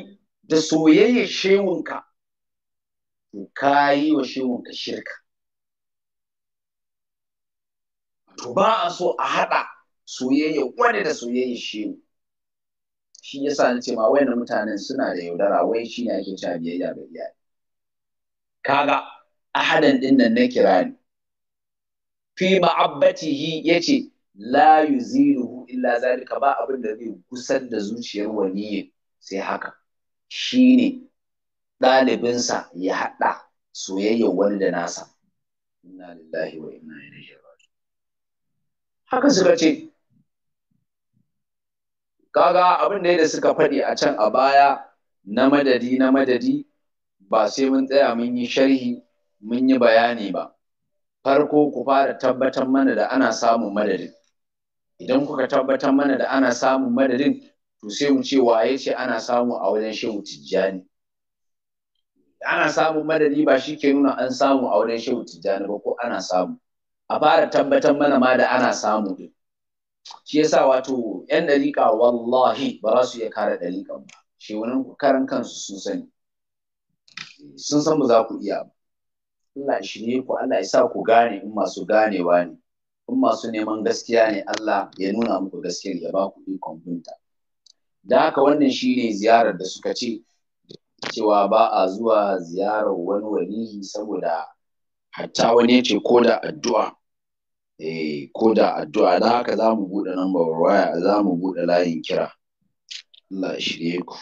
da soyayyar shewunka to ka yi wa shewunka shirka wato ba a so a haɗa soyayya wani da soyayyar shewu shi ya sa ce ma wayan mutanen suna da yaudara wai shi ne ake cewa biyayya ga iyaye kaga ahadan din nan na kira ne fi ma'abbatihi ce. la yuziruhu illa zalika ba abin da zai gusar da zuciyar waliyin sai haka shine ɗalibinsa ya haɗa soyayya wani da nasa inna lillahi wa inna ilaihi raji'un haka suka ce kaga abin da da suka faɗi a can a baya na madadi na madadi ba sai mun tsaya mun yi sharhi mun yi bayani ba farko ku fara tabbatar mana da ana samun madadin idan kuka tabbatar mana da ana samun madadin to sai mu ce waye ce ana samu a wajen shehu tijjani ana samun madadi ba shi ke nuna an samu a wajen shehu tijjani ba ko ana samu a fara tabbatar mana ma da ana samu din shi yasa wato yan dariƙa wallahi ba za su iya kare dariƙan ba shi wani karan kansu sun sani sun san ba za ku iya ba Allah shi ne ku Allah ya sa ku gane in masu ganewa ne kun masu neman gaskiya ne Allah ya nuna muku gaskiyar ya ba ku ikon binta da haka wannan shi ne ziyarar da suka ce cewa ba a zuwa ziyarar wani wani saboda hatta wani ya ce ko da addu'a eh ko da addu'a da haka za mu buɗe number waya za mu buɗe layin kira Allah ya shirye ku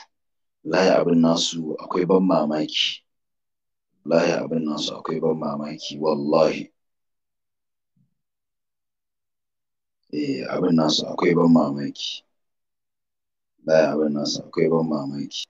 layi abin nasu akwai ban mamaki layi abin nasu akwai ban mamaki wallahi eh abin nasu akwai ban mamaki wallahi abin nasu akwai ban mamaki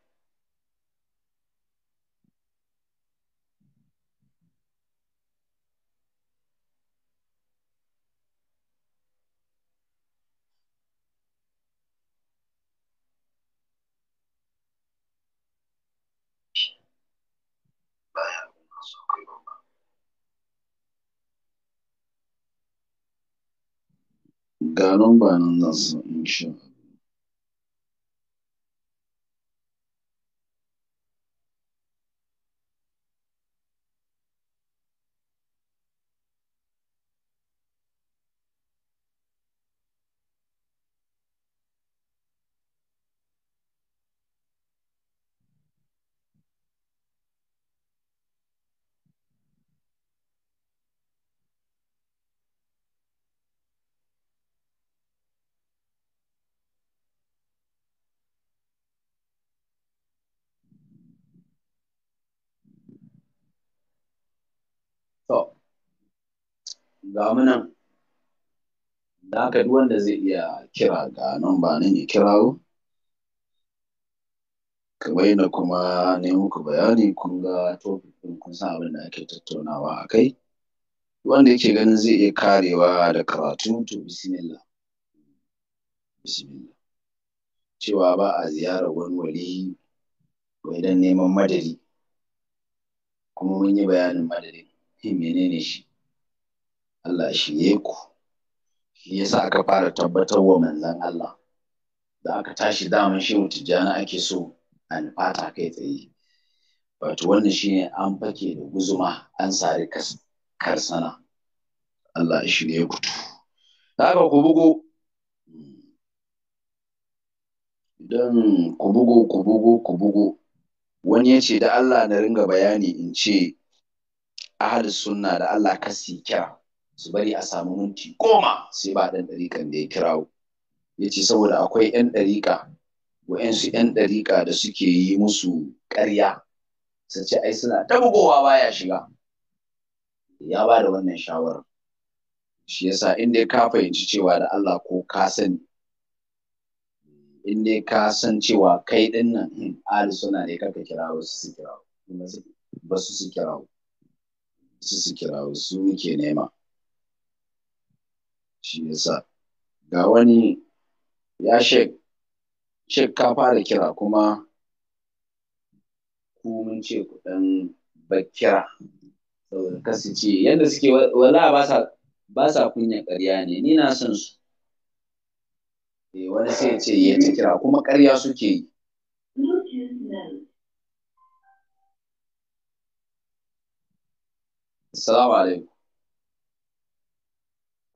Ga numba na zan ga mu nan da haka duk wanda zai iya kira ga nan ba nan ya kirawo kamar yadda kuma ne muku bayani kun ga topic ɗin kun san abin da ake tattaunawa a kai wanda yake ganin zai iya karewa da karatu to bismillah bismillah cewa ba a ziyarar wani wali wai don neman madadi kuma mun yi bayanin madadin menene shi Allah shirye ku shi yasa aka fara tabbatar wa manzon Allah da aka tashi daman shehu tijjani ake so a nufata kai tsaye wato wannan ne an fake da guzuma an sari karsana Allah shirye ku da ku bugu don ku bugu ku bugu ku bugu wani ya ce da Allah na ringa bayani in ce ahal sunna da Allah kasi kira su bari a samu minti goma sai ba ɗan ɗarikan da ya kirawo ya ce saboda akwai ƴan ɗariƙa wa'yansu 'yan ɗarika da suke yi musu ƙarya su ce ai suna ta baya shiga ya ba da wannan shawarar shi yasa in dai ka fahimci cewa da Allah ko ka sani in dai ka san cewa kai ɗin nan hmm, ali suna ne kaka kirawo su su kirawo ba su su kirawo su su kirawo su muke nema shi yasa ga wani ya shek shek ka fara kira kuma ku mun ce ku dan bakkira saboda kasu ce yadda suke wala ba sa ba sa kunya ƙarya ne ni na son su eh wani sai ya ce ya ta kira kuma ƙarya suke yi Assalamu alaikum.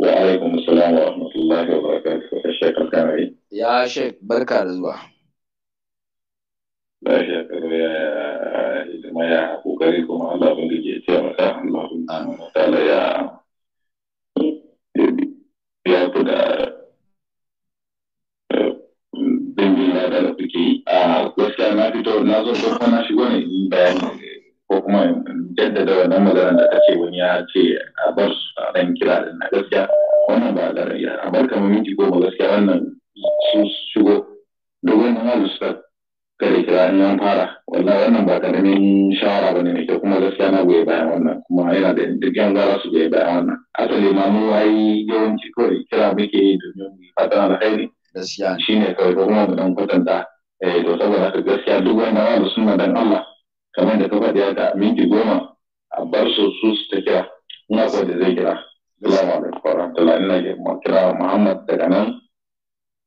Wa alaikum Assalamu wa rahmatullahi wa barakatuhu. Ya Sheikh Alkamari. Ya Sheikh barka da zuwa. Lafiya karo ya hidima ya kokari kuma Allah abin da ke ce maka Allah subhanahu wa ta'ala ya ya fi eh, da dangin yada da suke yi. A gaskiya na fito na zo farko na shigo ne in bayani ko kuma jaddada wannan magana da ake wani ya ce a bar su a ɗan kira da na gaskiya. wannan ba da rayuwa a barka mu minti goma gaskiya wannan sun shigo dogon na su suka kare kira in an fara wallahi wannan ba karamin shawara ba ne ke kuma gaskiya na goyi bayan wannan kuma yana da dukkan gara su goyi bayan wannan asali ma mu yi yawanci kawai kira muke yi domin mu fatan alkhairi gaskiya shine kawai ko kuma mu dan kwatanta eh to saboda haka gaskiya duk wanda wanda suna dan Allah kamar da ka faɗi haka minti goma a bar su su ta kira ina so da zai kira kira Muhammad daga nan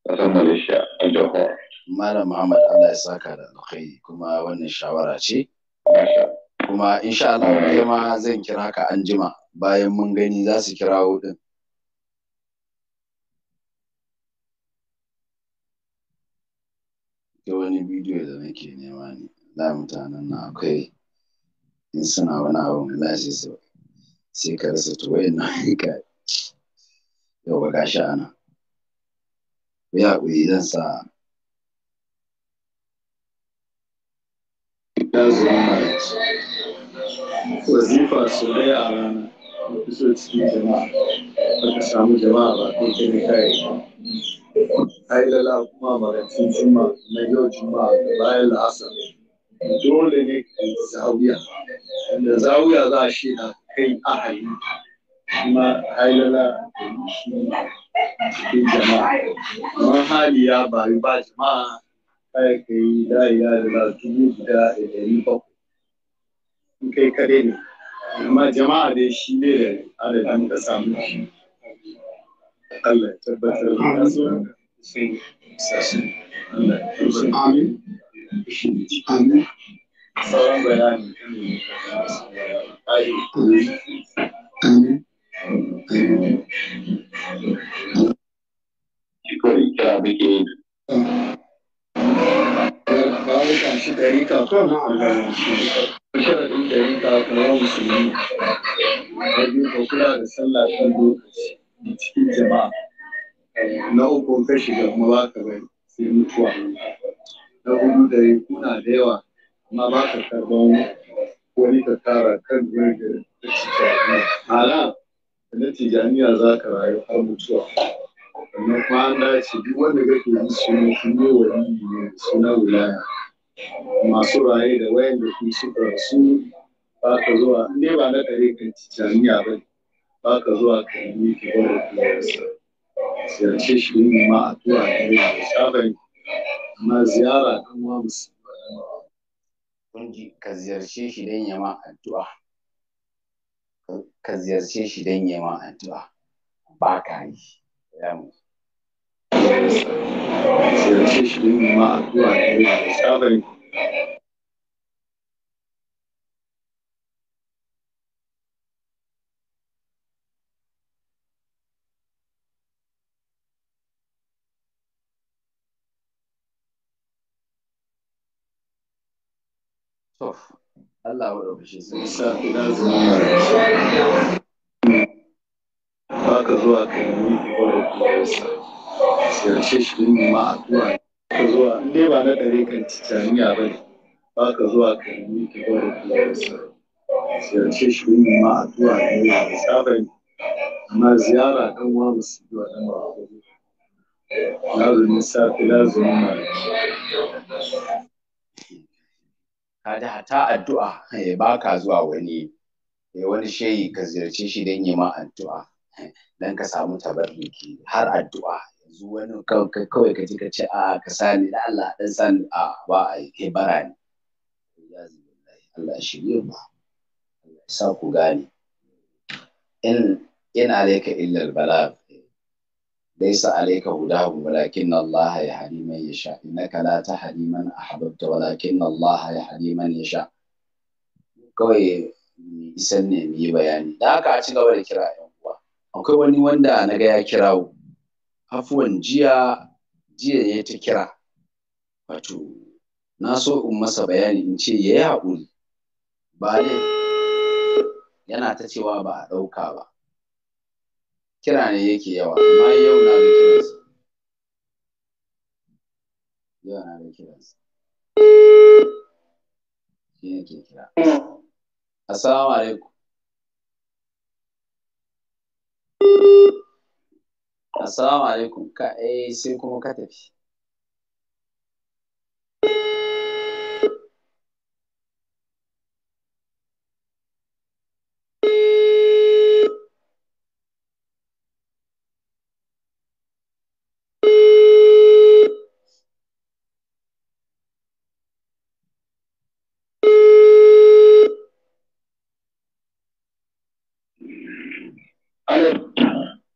ƙasar Malaysia a Johor. Malam Muhammad Allah ya saka da alkhairi kuma wannan shawara ce. Kuma insha Allah kai ma zan kira ka anjima bayan mun gani za su kira din. Ga wani bidiyo da nake nema ne, na mutanen na akwai in suna wani abu na sai sai ka rasa to na nan (laughs) ka yawa ga shi ana ya haƙuri zan sa wazifa su daya a rana da so cikin jama'a aka samu jama'a ba kai kai kai hailala kuma marancin Juma na yau Juma da bayan la'asar dole ne ka yi zawiya da zawiya za a shi na kai hali kuma hailala shi cikin jama'a wani hali ya bari ba jama'a kai ka yi da'ira da dubu guda da ɗari bakwai in kai kare ne amma jama'a dai shi ne da adadin da samu shi Allah ya tabbatar da su Amin. Amin. sauran bayani kawai kira kuma kuma musulmi. Na biyu ka da sallah lokaci da cikin jama'a. Na uku ka shiga kuma ba ka bari sai mutuwa. Na hudu da kuna da yawa amma ba ka karban wani ka tara kan jirgin da tijaniya Hala, da na tijaniya za ka rayu har mutuwa sannan kuma an dace duk wanda kake yi yi kuma wani ne suna wilaya masu raye da wayan da kuma suka su ba ka zuwa ne ba na kare kan tijaniya ba ne ba ka zuwa ka yi ka gwada kularsa ziyarce shi ne ma a tura ne a tsarin amma ziyara kan wa musu ka ziyarce shi don yama addu'a ka ziyarce shi don yama addu'a ba ka yi ziyarce shi don yama addu'a ne To, Allah wa rubuce sai. Ba ka zuwa ka yi miki wani kuwarsa. Yarce shi ne ma addu'a. Ka zuwa, in ba na ɗare kan titaniya ba ne. Ba ka zuwa ka yi miki wani kuwarsa. Yarce shi ne ma addu'a ne ya tsaba ne. Amma ziyara ɗan wa musu zuwa ɗan ba. Lazumin safi lazumin mara. kaji hata addu'a eh, ba baka zuwa wani eh, wani shehi ka ziyarci shi don yi ma addu'a don ka samu tabarriki har addu'a yanzu wani kawai ka ji ka ce a ka sani da Allah dan sani a ba a yi bara ne Allah shirye ba Allah sa ku gane in ina laika illal bala'a ليس عليك هداهم ولكن الله يهدي من يشاء إنك لا تهدي من أحببت ولكن الله يهدي من يشاء kawai isan ne mu bayani da aka a ci da kira yan uwa akwai wani wanda na ga ya kirawo afuwan jiya jiya ya ta kira wato na so in masa bayani in ce ya yi haƙuri ba yana ta cewa ba a ɗauka ba kira ne yake yawa amma yau na ga kiransa yau na ga kiransa shi yake kira assalamu alaikum assalamu alaikum ka eh sai kuma ka tafi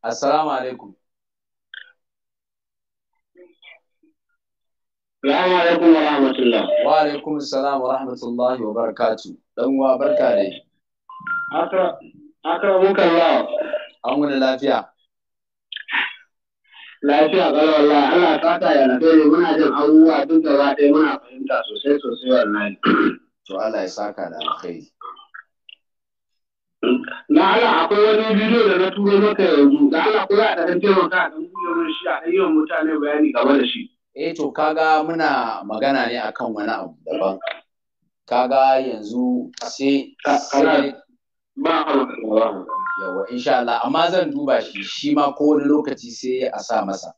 Assalamu alaikum. Assalamu alaikum wa rahmatullah. Wa alaikum assalam wa rahmatullahi wa barakatu. Dan uwa barka dai. Aka aka muka Allah. An wani lafiya. Lafiya ga Allah Allah ka ta ya lafiya ne muna jin abubuwa duk gaba ɗaya muna fahimta sosai sosai wallahi. To Allah ya saka da alkhairi. na Allah akwai wani bidiyo na turo maka yanzu da Allah ko za ka dan taimaka a dan shi a yi wa mutane bayani game da shi eh to kaga muna magana ne a kan wani abu daban kaga yanzu sai ba yawa insha Allah amma zan duba shi shi ma ko wani lokaci sai a sa masa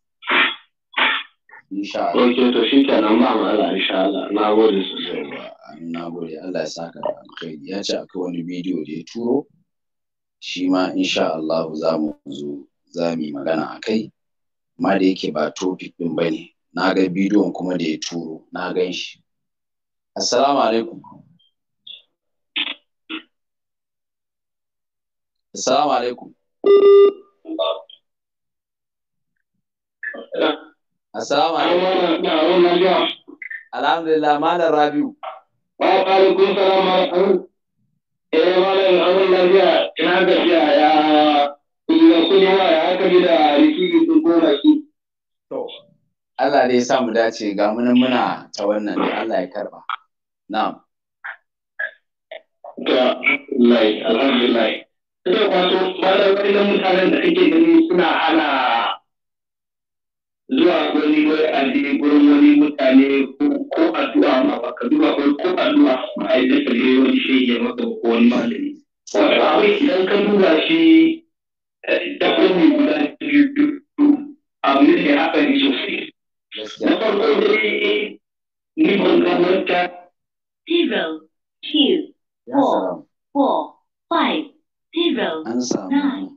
insha Allah okay to shikenan ba ma Allah insha Allah na gode sosai na gode Allah ya saka da alkhairi ya ce akwai wani bidiyo da ya turo shi ma insha Allah za mu zo za mu yi magana a kai ma da yake ba topic ɗin ba ne na ga bidiyon kuma da ya turo na gan shi assalamu alaikum assalamu alaikum assalamu alaikum alhamdulillah malam rabiu wa alaikum salam eh malam ya da Allah dai sa mu dace ga mu muna ta wannan da Allah ya karba na'am ga lai alhamdulillah kwato wani mutanen da gani suna hana zuwa wani wani addini gurin wani mutane ba ka duba ko ko alluwa ma'aikatar ne wani shi ya maka ko wani malami wanda akwai idan ka duba shi dabbobi eh, guda biyu abu ne da haka ne sosai na farko dai ni ban ga wata zero two four four five zero nine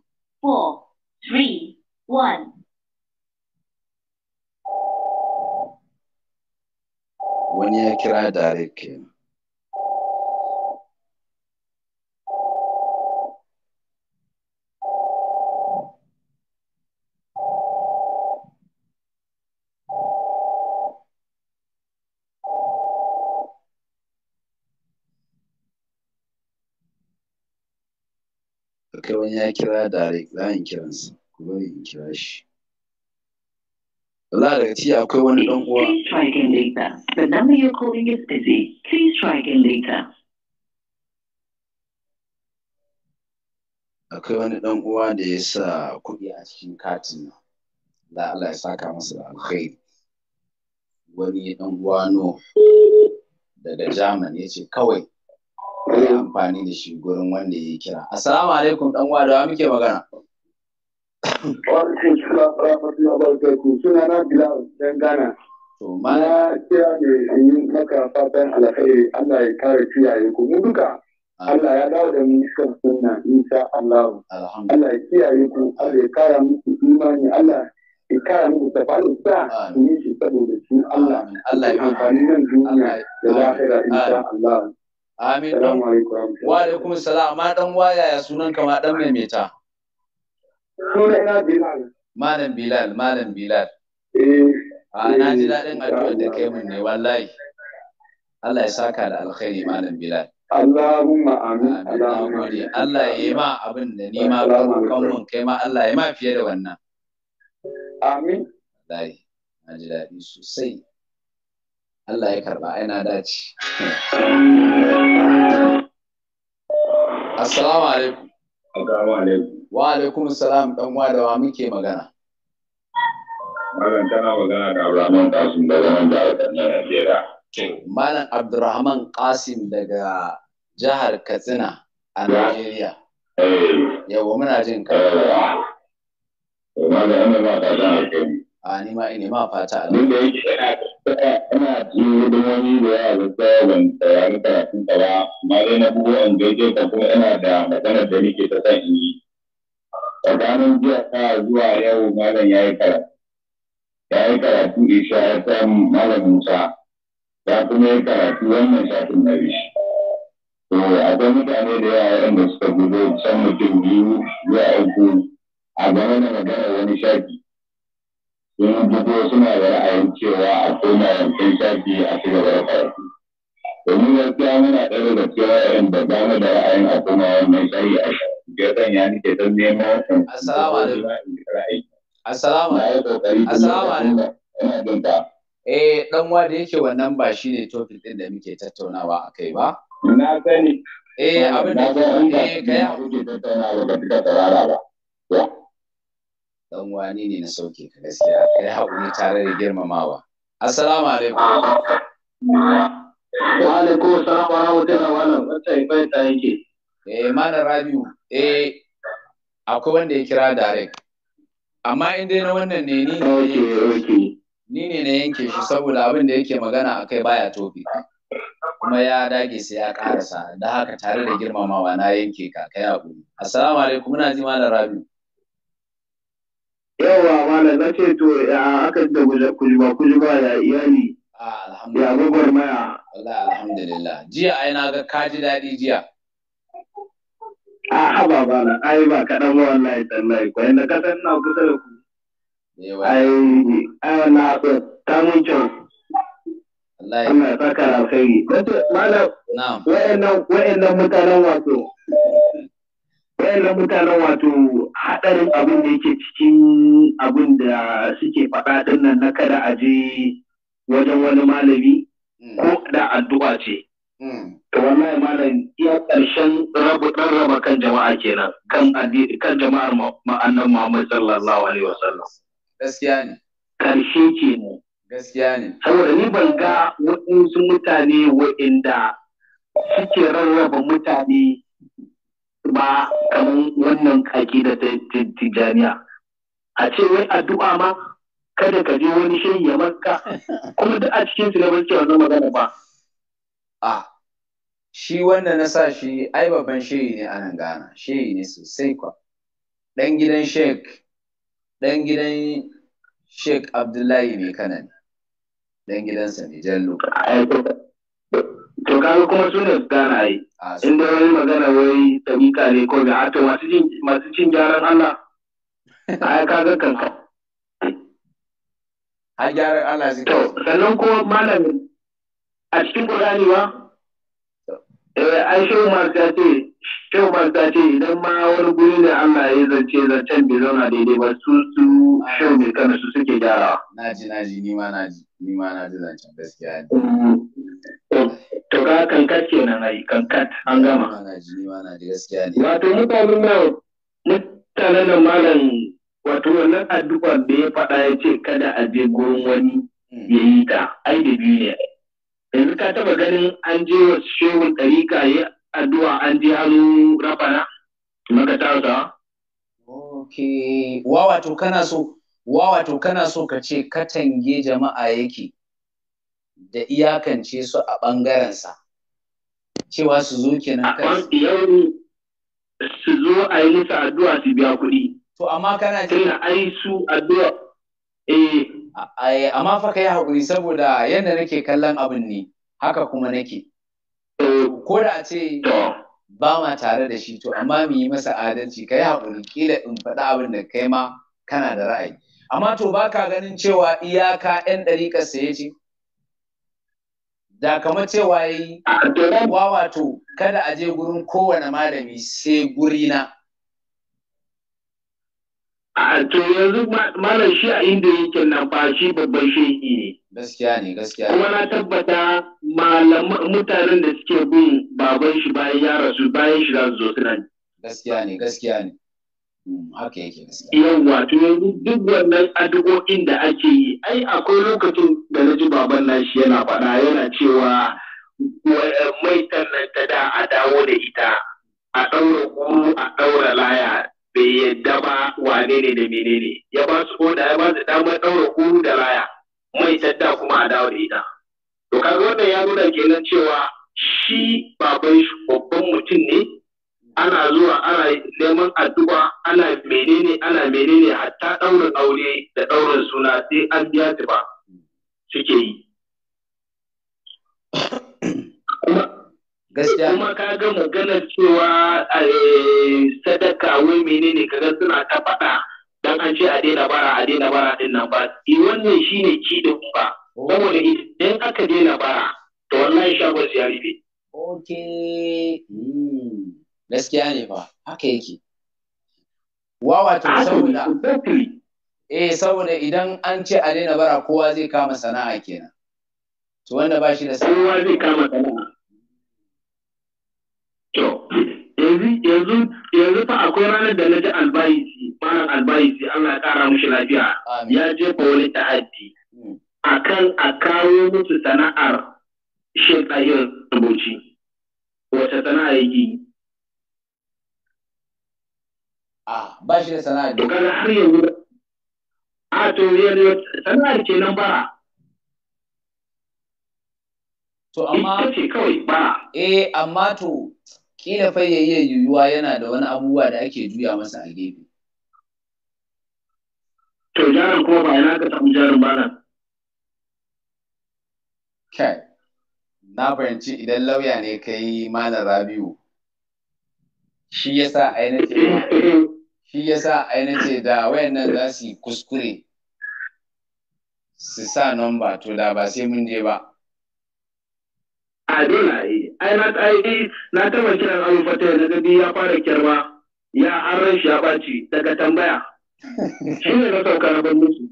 four three one wani ya kira direct kenan kai wani ya kira direct za yi kiransa ku bari in kira shi za daga ci akwai wani uwa the number you're calling is busy please try again later akwai wani uwa da ya sa kuɗi a cikin katin nan da Allah ya saka masa da alkhairi wani uwa no daga ya ce kawai ya amfani da shi gurin wanda ya kira assalamu alaikum uwa da muke magana wa rahmatullahi wa barakatuh suna na Bilal dan Ghana. To ma ya kira ne in yi maka fatan alkhairi Allah ya kare kiyaye ku mu duka. Allah ya dawo da mu kan sunna insha Allah. Allah ya kiyaye ku Allah ya kara muku imani Allah ya kara muku tafalu sa Ni shi saboda shi Allah. Allah ya amfani nan duniya da lahira insha Allah. Amin. Assalamu Wa alaikum salam. Ma dan waya ya sunan ma dan maimaita. Sunana Bilal. Malam Bilal, Malam Bilal. Eh, A ah, na ji eh, daɗin addu'ar da kai mun ne wallahi. Allah ya saka da alkhairi Malam Bilal. Allahumma amin. Allahumma amin. Allah ya yi ma abin da ni ma kan mun kai ma Allah ya ma fiye da wannan. Amin. Wallahi, na ji daɗi sosai. Allah ya karɓa aina dace. Assalamu alaikum. Assalamu alaikum. Wa alaikum salam dan wa da wa muke magana. Malam tana magana da Abdurrahman Kasim daga nan jihar Kaduna Najeriya. Malam Abdurrahman Kasim daga jihar Katsina a Najeriya. Eh. Yawa muna jin ka. Eh. Malam ina ma fata alkhairi. A ni ma ina ma fata alkhairi. Duk da yake ina cikin hidimomi da ya da tsaya ban tsayar karatun ta ba, amma dai na bugu gaje ka kuma ina da maganar da nake ta san in yi. Tsakanin jiya ta zuwa yau malam ya yi karatu. ya karatu isha ya samu malam musa ya kuma yi karatu wannan shafin na bishi. to akwai mutane da yawa waɗanda suka gudu san mutum biyu zuwa uku a game da magana wani shafi sun gudu suna da ra'ayin cewa a koma yankin shafi a ci gaba da karatu domin gaskiya muna ɗaya da cewa waɗanda ba mu da ra'ayin a koma wannan shafi a shafi ya sanya don neman wannan ra'ayi Assalamu alaikum. Eh ɗan wa da yake wannan ba shine topic ɗin da muke tattaunawa a kai ba. Na sani. Eh abin da ke eh kai muke tattaunawa ba duka tarara ba. Dan wani ne na sauke ka gaskiya kai haƙuri tare da girmamawa. Assalamu alaikum. Wa alaikum assalam wa rahmatullahi wa barakatuh. Barka da yake. Eh malam Rabiu eh akwai wanda ya kira direct. amma in dai na wannan ne ni ne ni ne na yanke shi saboda abin da yake magana a kai baya tofi kuma ya dage sai ya karasa da haka tare da girmamawa na yanke ka kai guri assalamu alaikum muna ji malam rabi yawa malam na ce to ya aka da kujuba kujuba ya iyali ah, ya gwagwarmaya Allah alhamdulillah jiya ai na ga kaji daɗi jiya a haba ba na ai ba kaɗan ba wallahi tallahi ko yanda ka san na kusa da ku ai ai na so ta mun kyau wallahi Allah ya saka alkhairi nace malam wa'annan wa'annan mutanen wato wa'yannan mutanen wato hadarin abin da yake cikin abin da suke faɗa din nan na kada a je wajen wani malami hmm. ko da addu'a ce wallahi malam iya ƙarshen rabu raba kan jama'a kenan kan addini kan jama'ar ma'annan Muhammad sallallahu alaihi wasallam gaskiya ne ƙarshe kenan gaskiya ne saboda ni ban ga waɗansu mutane waɗanda suke rarraba mutane ba kamar wannan kaki da ta tijjaniya a ce wai addu'a ma kada ka je wani shirya maka kuma duk a cikin su ne ban ce wannan magana ba a shi wanda na sa shi ai babban shehi ne a nan Ghana shehi ne sosai kwa ɗan gidan Sheikh ɗan gidan Sheikh Abdullahi ne kana ne ɗan gidansa ne Jallo to kaga kuma su ne Ghana ai inda wani magana wai tabika ne ko da ato masu cin masu cin gyaran Allah ai kaga kan har gyaran Allah sai to sannan kuma malamin a cikin Qur'ani ba eh, ai shehu Mark ta ce shehu Mark ta ce idan ma wani guri ne Allah ya zance zancen bai zauna daidai ba su su shehu mai kana su suke gyara. naji naji ni ma naji ni ma naji zancen gaskiya ne mm. to ka kankat kenan ai kankat an gama naji ni ma naji gaskiya ne wato mutanen nan mutanen nan malam wato wannan addu'ar da ya faɗa ya ce kada a je gurin wani hmm. ya yi ta ai da biyu ne yanzu ka taba ganin an je wa shehun ɗarika ya addu'a an je hannu rafana maka ta ok wawa to kana so wawa to kana so ka ce katange jama'a yake da iyakance su a ɓangarensa cewa su zo kenan kan su zo a yi musu addu'a su biya kuɗi to amma kana ce ai su addu'a eh amma fa ka yi haƙuri saboda yadda nake kallon abin ne haka kuma nake ko da a ce ba ma tare da shi to amma mu yi masa adalci ka yi haƙuri kila in faɗi abin da kai ma kana da ra'ayi amma to ba ka ganin cewa iyaka 'yan ɗariƙar ya ce da kamar cewa yi wawato kada a je gurin kowane malami sai guri na to yanzu malam shi a inda yake na ba shi babban shehi ne. Gaskiya ne, gaskiya. Kuma na tabbata malaman mutanen da suke bin baban shi bayan ya rasu bayan shi za su zo suna ne. Gaskiya ne, gaskiya ne. Mm, haka yake gaskiya. Yawwa to yanzu duk wannan addu'o'in da ake yi, ai akwai lokacin da na ji baban nashi yana faɗa yana cewa mai nan ta da a dawo da ita. A ɗaura guru a ɗaura laya bai yadda ba wane ne da menene ya ba su koda ya ba su damar ɗaura kuru da raya mai tadda kuma a dawo da ita to kaga wannan ya nuna kenan cewa shi baban shi babban mutum ne ana zuwa ana neman addu'a ana menene ana menene hatta ɗaurin aure da ɗaurin suna sai an biya ta ba suke yi gaskiya kuma ka ga maganar cewa eh, sadaka wai menene kaga suna ta faɗa dan an ce a daina bara a daina bara din nan ba i eh, wannan shine ki da ba oh. saboda idan aka daina bara to wallahi shago ya rufe okay hmm. gaskiya ne fa haka yake wawa to saboda eh saboda idan an ce a daina bara kowa zai kama sana'a kenan to wanda ba shi da sana'a kowa zai kama sana'a yanzu yanzu fa akwai ranar da na ji albayisi malam albayisi Allah ya kara mushi lafiya ya jefa wani ta'addi hmm. akan a kawo musu sana'ar shin ɗahiyar rubuci wace sana'a yake a ba shi da sana'a to kaga har yanzu a to yanzu sana'ar ke nan bara to amma ce kawai bara eh amma to kila fa ya iya yiwuwa yana da wani abubuwa da ake juya masa a gefe. To jarin kuma ba yana ka samu jarin ba nan. Kai, na fahimci idan lauya ne ka yi malam Rabiu. Shi ya sa shi ya sa ce da wayannan za su yi kuskure su sa nomba to da ba sai mun je ba. A dole a yi. ai na ai na taba kiran abu fata na gabi ya fara kirma ya an shi ya ɓaci daga tambaya (laughs) shi ne na sauka na ban musu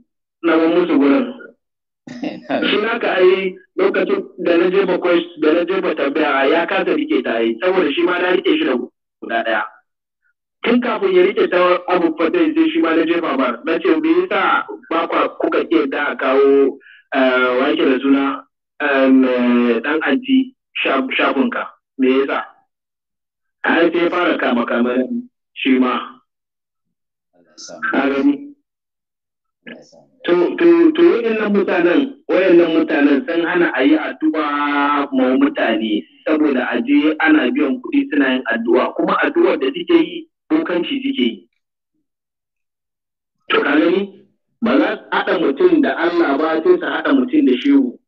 na ban musu gurin (laughs) shi na ka ai lokacin da na jefa quest da na jefa tambaya ya kasa rike ta ai saboda shi ma na rike shi da guda ɗaya tun kafin ya rike ta abu fata sai shi ma na jefa ba na ce me yasa ba kwa kuka ke da kawo eh, wake da suna eh, dan anti shafinka me yasa har sai fara kama kama shi ma A gani to wayannan mutanen wayannan mutanen sun hana a yi addu'a ma mutane saboda a je ana biyan kuɗi suna yin addu'a kuma addua da suke yi bokanci suke yi to ka gani ba za su haɗa mutum da Allah ba sai su haɗa mutum da shehu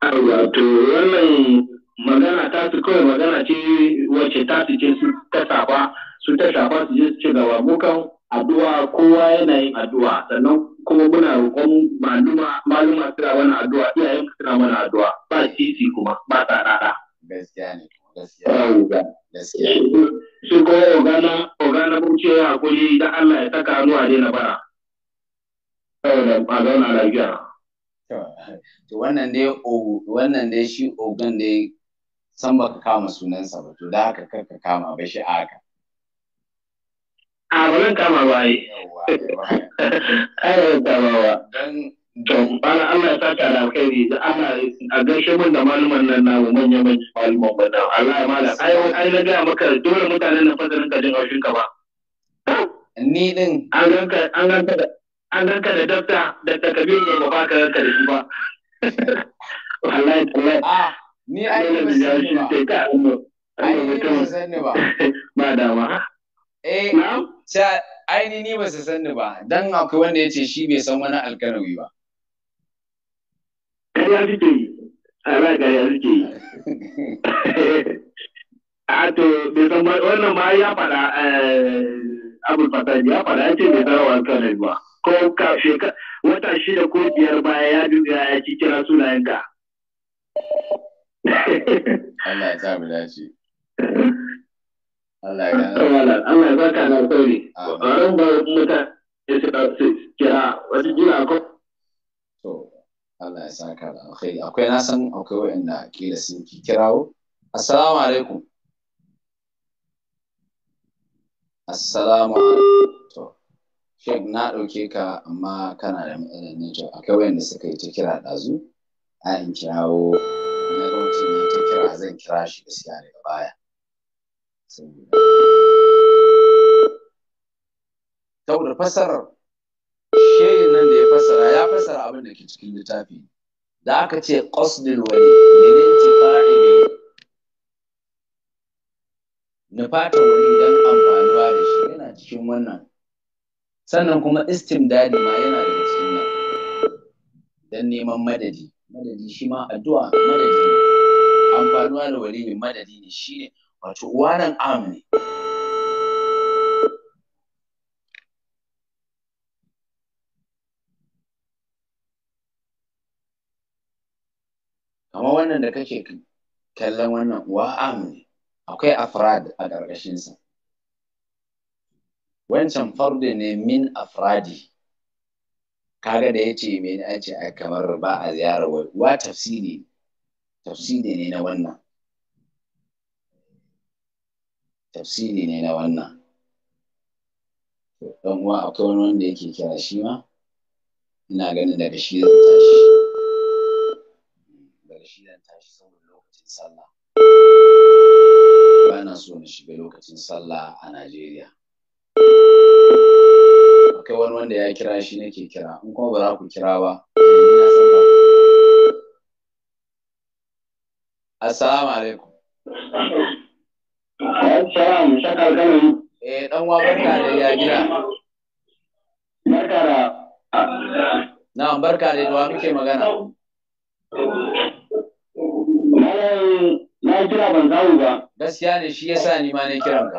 Allah wannan magana ta su kawai magana ce wacce ta su ce su ta shafa su ta shafa su je su ce gawa mukan addu'a kowa yana yin addu'a sannan kuma muna roƙon maluma maluma suna mana addu'a iyayen suna mana addu'a ba sisi kuma ba tsarara gaskiya ne gaskiya shi ko ogana ogana buce hakuri da Allah ya saka hannu a daina bara zauna lafiya. To wannan dai wannan dai shi ogan dai san baka kama sunansa ba to da haka kar ka kama ba shi a haka. A ba zan kama ba yi. Ai (laughs) kama ba. Dan don bana Allah ya saka da alkhairi da ana a gaishe mun da maluman nan namu manya manyan maluman ban nan Allah ya mala ai ai na ga maka dole mutanen nan fadarin ka jin haushin ka ba. Ni din an ganka an ganka da an ranka da dafta da takabir ba ba ka ranka da shi ba wallahi tallahi a ah, ni ai ba sani ba ai ba sani ba ba ma. eh sa ai ni ba su (laughs) eh, sani ba dan akwai wanda yace shi bai san wani alkanawi ba kariya ke yi a ra kariya ke yi (laughs) a to bai san wannan ma ya faɗa eh, abul fataji ya faɗa ya ce bai san wa alkanawi ba ko kafe wata shida ko biyar baya ya duga ya ci kira sunayen ka. Allah ya sa mu dace. Allah ya ba na sauri. Baron ba mutane su kira wasu gina ko. To, Allah ya sa ka da alkhairi. Akwai na san akwai waɗanda kila sun ki kirawo. Assalamu alaikum. Assalamu alaikum. Sheikh na ɗauke ka amma kana da matsalar network akwai wanda suka yi ta kira ɗazu a in kirawo na rauti ne ta kira zan kira shi gaskiya daga baya. Saboda fassarar shehin nan da ya fassara ya fassara abin da ke cikin littafi da aka ce wani ne min ne bi fatan wani don amfanuwa da shi yana cikin wannan sannan kuma istimdadi ma yana da suna nan dan neman madadi madadi shi ma addu'a madadi ne amfanuwa da mai madadi ne shi ne wato waran am ne kamar wannan da kake kallon wannan am ne akwai afrad a ƙarƙashinsa wancan fardu ne min afradi kaga da ya ce mai a ce kamar ba a ziyara wa tafsiri tafsiri ne na wannan tafsiri ne na wannan don wa akwai wani wanda yake kira shi ma ina ganin daga shi zan tashi daga shi zan tashi saboda lokacin sallah ba na so na shiga lokacin sallah a najeriya akwai wani wanda ya kira shi nake kira in kuma ba za ku kira ba eh, assalamu alaikum assalamu shakar gani eh dan wa barka da ya gida barka da na barka da wa muke magana na kira ban samu ba gaskiya ne shi yasa ni ma ne kiran ka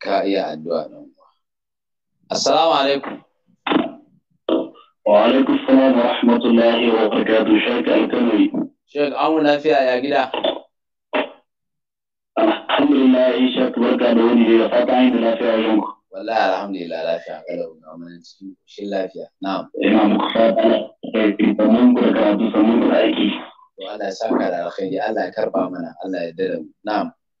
كايا ادوان السلام عليكم وعليكم السلام ورحمة الله وبركاته شيخ الكنوي شيخ عمنا فيها يا جدع الحمد لله شيخ بركة دوني هي فتاة عندنا فيها يوم ولا الحمد لله لا فيها غدا ونعم شيل لا فيها نعم إمام خفاف على خيرك تمام بركة دوسة من رأيكي وأنا سكر على خيري الله كربا منا الله يدرم نعم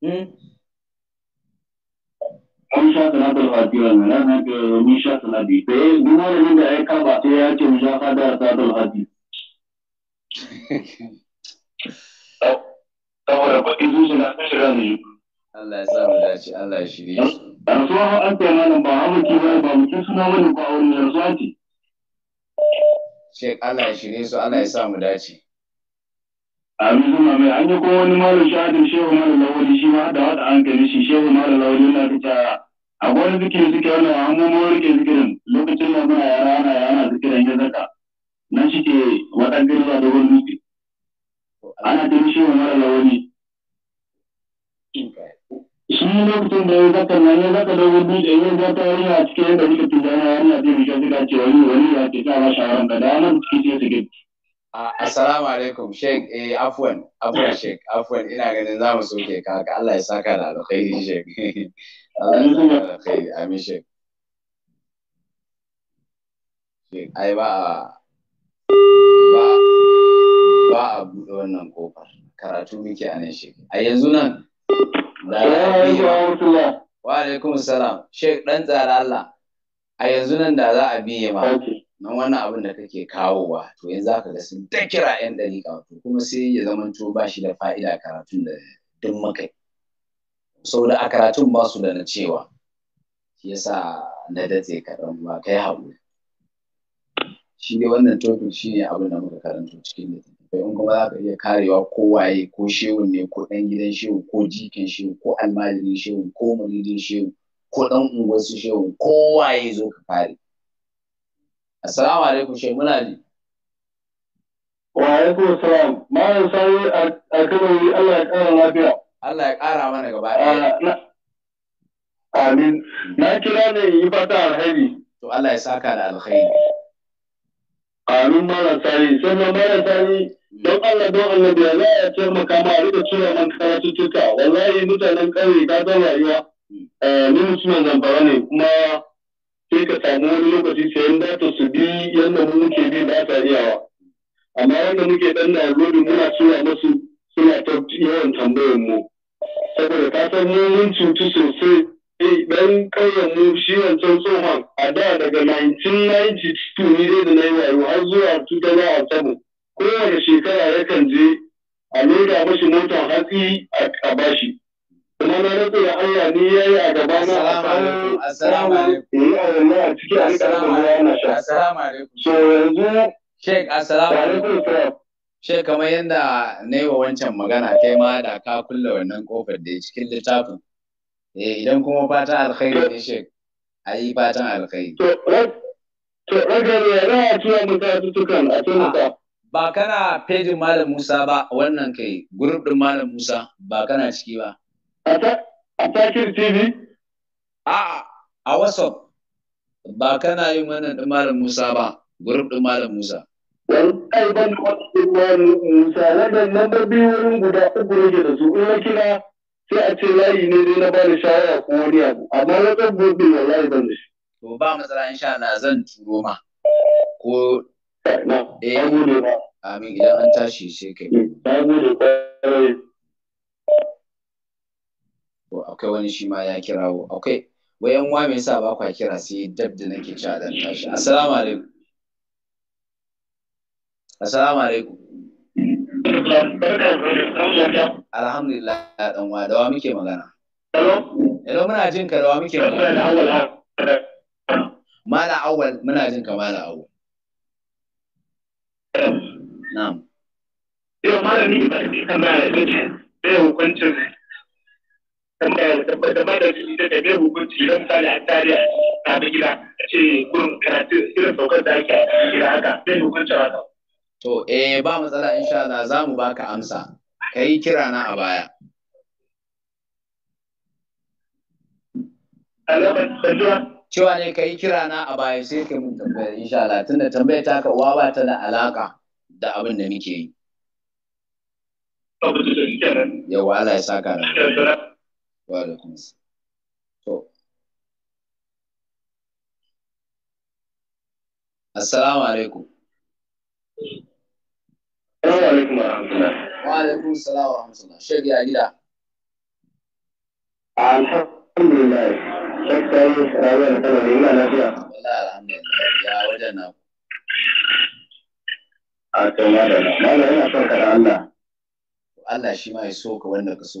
Hmm? an sha salatar fatiha na ranar da mun sha salati da ya duk malamin da ya kaba sai ya ce mun sha fada salatar fati. saboda baƙi zuci na sun shiga da Allah ya sa mu dace Allah ya shirye su yanzu an ce malam ba hamaki ba ba mutum suna wani ba wani yanzu an ce Sheikh Allah ya shirye su Allah ya sa mu dace Amin zuma mai an yi kuma wani malam shahadin shehu malam lawali ma da wata an kai shi shehu ma da lauri na ta ta a gwani zikin suke wannan an mu mu ke zikirin lokacin da muna yara ana yana zikirin ya zaka nan shi ke wata girma da wani nufi ana ta shehu ma mara lauri shi lokacin da ya zaka nan ya zaka da wani da ya zaka wani a cikin yadda suka wani a cikin shi ya zaka ce wani wani ya ke sa wa shawaran da da nan cikin sai Assalamu alaikum Sheikh eh afwan afwan Sheikh afwan ina ganin za mu soke ka haka Allah ya saka da alkhairi Sheikh (laughs) Allah ya saka da alkhairi amin Sheikh Sheikh ai ba ba ba a buɗe wannan kofar karatu muke a nan Sheikh a yanzu nan da wa alaikum salam Sheikh dan tsara Allah a yanzu nan da za a biye ma nan wannan abin da kake kawowa to yanzu zaka ga sun ta kira yan dariƙa to kuma sai ya zamanto ba shi da fa'ida karatun da duk muka so a karatun ba su da na cewa shi yasa na datse kaɗan ba kai haƙuri shi ne wannan topic shi ne abin da muka karanto cikin Sai in kuma za ka iya karewa ko waye ko shehun ne ko ɗan gidan shehu ko jikin shehu ko almajirin shehu ko muridin shehu ko ɗan unguwarsu shehu ko waye zo ka kare Assalamu alaikum shi muna ji. Wa alaikum salam. Malam sai a kano Allah ya ƙara lafiya. Allah ya ƙara mana gaba ɗaya. Ah, amin. Na kira ne yi fata alheri. To Allah ya saka da alheri. Amin malam sai sannan malam sai don Allah don Allah biya, za a ce maka ma a rika cire man karatu cututtuka. wallahi mutanen ƙauye ka zama rayuwa. Hmm. Eh, ni mutumin zamfara ne kuma sai ka samu wani lokaci sayan data su bi yadda muke bi ba sa wa amma wanda muke dan da lodi muna suna musu suna ta yawan tambayar mu saboda ka san mu mun cutu sosai eh dan kauyen mu shi wancan tsohon a da daga 1992 ni dai da na yi wayo har zuwa 2007 kowane shekara yakan je a loda mashi motar hatsi a bashi na na rufe da Allah ni ya yi a gaba na a samu yi a zanne a ciki a rika da yana sha. So yanzu. Sheikh assalamu alaikum. Sheikh kamar yadda na yi wa wancan magana kai ma da ka kulle wannan kofar da cikin littafin. Eh idan kuma fatan alkhairi ne shek A yi fatan alkhairi. To ragari ya raya cewa mutum tutukan a tunuka. Ba kana fejin Malam Musa ba wannan kai, gurup ɗin Malam Musa ba kana ciki ba. A takin TV? A'a, a WhatsApp. Ba kana yin wannan ɗin Malam Musa ba, gurup ɗin Malam Musa. Wallahi ban da wannan Malam Musa, ladan nan biyu wurin guda uku rage da su, in na kira sai a ce layi ne dai na bani shawara ko wani abu, amma WhatsApp gobe wallahi ban da shi. To ba matsala sha Allah zan turo ma. Ko eh amin idan an tashi sai kai. Na gode kwarai. akwai wani shi ma ya kirawo akwai wayan wa me yasa ba kwa kira sai dab da nake a dan tashi assalamu alaikum assalamu alaikum alhamdulillah dan wa da wa muke magana hello hello muna jin ka da wa muke magana mala awwal muna jin ka mala awwal na'am yau malami ba ka tambaya da ce zai hukuncin tambaya mu tabbatar ba da shi da bai hukunci don misali a tare a da gida a ce gurin karatu irin saukar da ake gida haka bai hukunci haka. To eh ba matsala insha Allah za mu ba ka amsa kai kira na a baya. Cewa ne ka yi kira na a baya sai ka mun tambayar insha Allah tunda tambayar ta ka uwa ba ta da alaka da abin da muke yi. Yawa Allah ya saka na. wa alaikum to assalamu alaikum assalamu alaikum wa rahmatullah wa alaikum assalam wa rahmatullah shege a gida alhamdulillah shakka yi rayuwar tana da ina lafiya wallahi alhamdulillah ya wajen na a to malala malala ina son ka da Allah Allah shi ma ya wanda ka so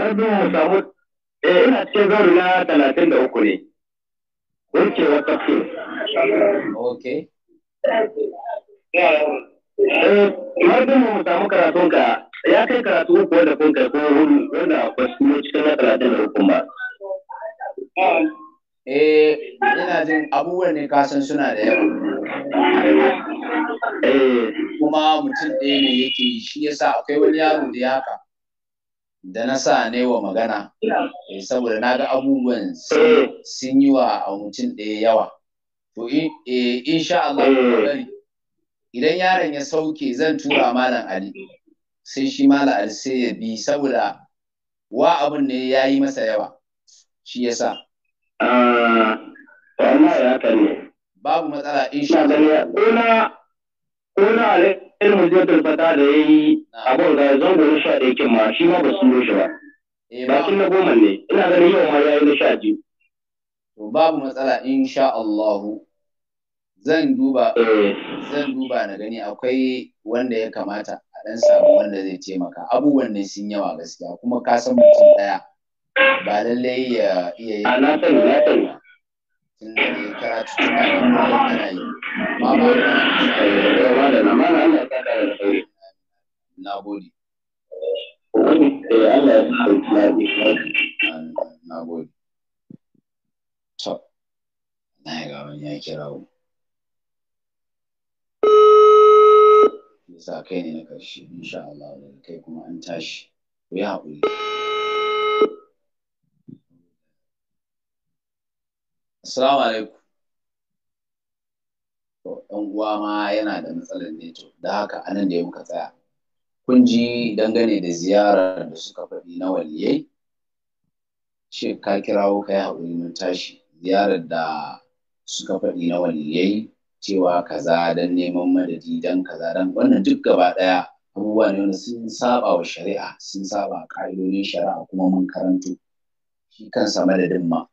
amma bai samu eh, ina cikin zaru na talatin da uku ne wucewa tafsir okay eh marbin mu samu karatun ka ya kai karatu uku wanda kun kai ko hudu wanda ba su ne cikin na talatin da uku ba eh ina jin abubuwan ne ka san suna da yawa eh. kuma mutum ɗaya ne yake yi shi yasa akwai wani yaro da ya haka da na sa ne wa magana eh, saboda na ga abubuwan sun yi wa a mutum ɗaya yawa to eh, sha Allah idan yaron ya sauke zan tura malam Ali sai shi malam Ali sai ya bi saboda wa abun ne ya yi masa yawa shi ya sa ah, babu matsala in sha Allah irin jirgin fata da ya yi a bau da zango na sha ɗaya kin ma shi ma ba su yi shi ba. Eh, Bakin na goma ne, ina ganin yau ma ya yi na sha biyu. To babu matsala insha Allahu. Zan duba, eh. zan duba na gani akwai wanda ya kamata a ɗan samu wanda zai taimaka. Abubuwan ne sun yawa gaskiya kuma ka san mutum ɗaya ba lallai ya iya yi. na sani, na sani. tun da a na kai ne na insha Allah kai kuma an tashi ku yi haƙuri Assalamu alaikum. ɗan uwa ma yana da matsalar to. da haka a nan da muka tsaya. Kun ji dangane da ziyarar da suka faɗi na waliyai, shi ka kirawo ka yi haƙuri mun tashi ziyarar da suka faɗi na waliyai cewa kaza don neman madadi don kaza don wannan duk gaba ɗaya abubuwa ne wanda sun saba wa shari'a sun saba ƙa'idodin shari'a kuma mun karanto shi kansa madadin ma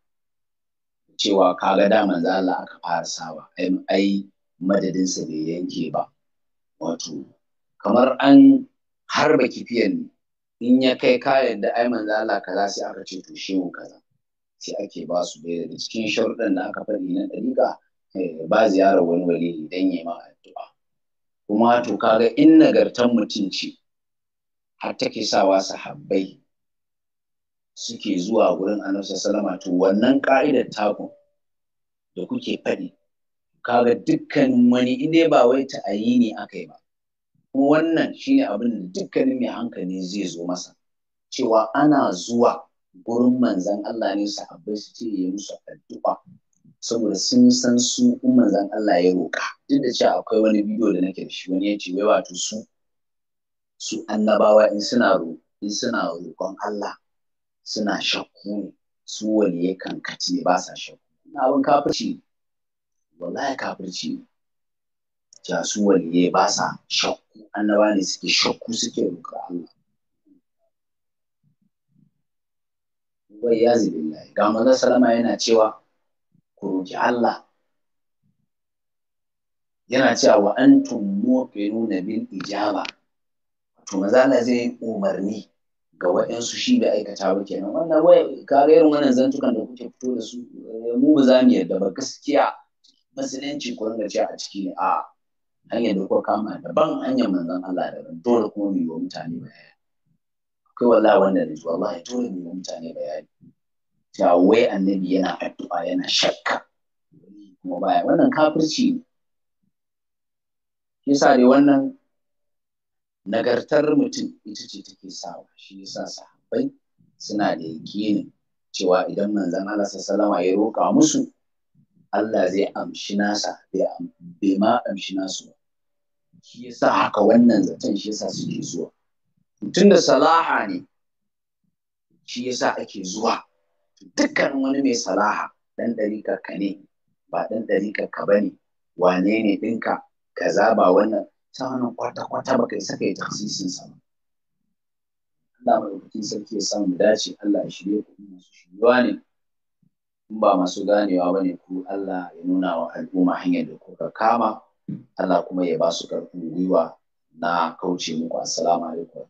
cewa ka ga da za Allah aka fara sawa ai madadin sa bai yanke ba wato kamar an harba kifiyan ne in ya kai kayan da ai manzo Allah kaza sai aka ce to shi mu kaza sai ake ba su da daga cikin sharuɗan da aka faɗi na ɗariƙa eh, ba ziyarar wani wani idan ya ma addu'a kuma to kaga in nagartan mutum har take sawa sahabbai suke zuwa gurin annabi sallama to wannan ka'idar taku da kuke faɗi kaga dukkanin wani inda ba wai ta ayi ne aka yi ba kuma wannan shine abin da dukkanin mai hankali zai zo masa cewa ana zuwa gurin manzan Allah ne sahabbai su ce ya musu addu'a saboda sun san su in manzan Allah ya roƙa duk da cewa akwai wani bidiyo da nake da shi wani ya ce wai wato su su annabawa in suna in suna roƙon Allah suna shakku ne su wani kankaci ne ba sa shakku na abin kafirci wallahi kafirci ne ja su ya ba sa shakku annaba ne suke shakku suke roƙa Allah wai ya zibillahi ga manzo salama yana cewa ku roƙi Allah yana cewa wa antum muqinuna bil ijaba to manzo Allah zai umarni ga waɗansu shi da aikata ba kenan wannan wai kaga irin wannan zantukan da kuke fito da su eh, mu ba za mu yarda ba gaskiya musulunci ko ringa ce a ciki ne a hanyar da kuka kama daban hanyar manzon Allah da dole kuma mu yi wa mutane bayani kai wallahi wanda da ji ya dole mu yi wa mutane bayani ta wai annabi yana addu'a yana shakka kuma baya wannan kafirci ne yasa dai wannan nagartar mutum ita ce take sawa shi yasa sahabbai suna da yakini cewa idan manzon Allah sallallahu ya roƙa musu Allah zai amshi nasa bai ma amshi nasu shi yasa haka wannan zaton shi yasa suke zuwa mutum da salaha ne shi yasa ake zuwa dukkan wani mai salaha dan ɗarika ka ne ba dan ɗarika ka bane wane ne ɗinka kaza ba wannan ta hannun kwata-kwata ba kai saka ya taksisin sa ba. Allah maɗaukakin sarki ya samu dace Allah ya shirye ku masu shiryuwa ne in ba masu ganewa ba ne ku Allah ya nuna wa al'umma hanyar da kuka kama Allah kuma ya ba su ƙarfin gwiwa na kauce muku assalamu alaikum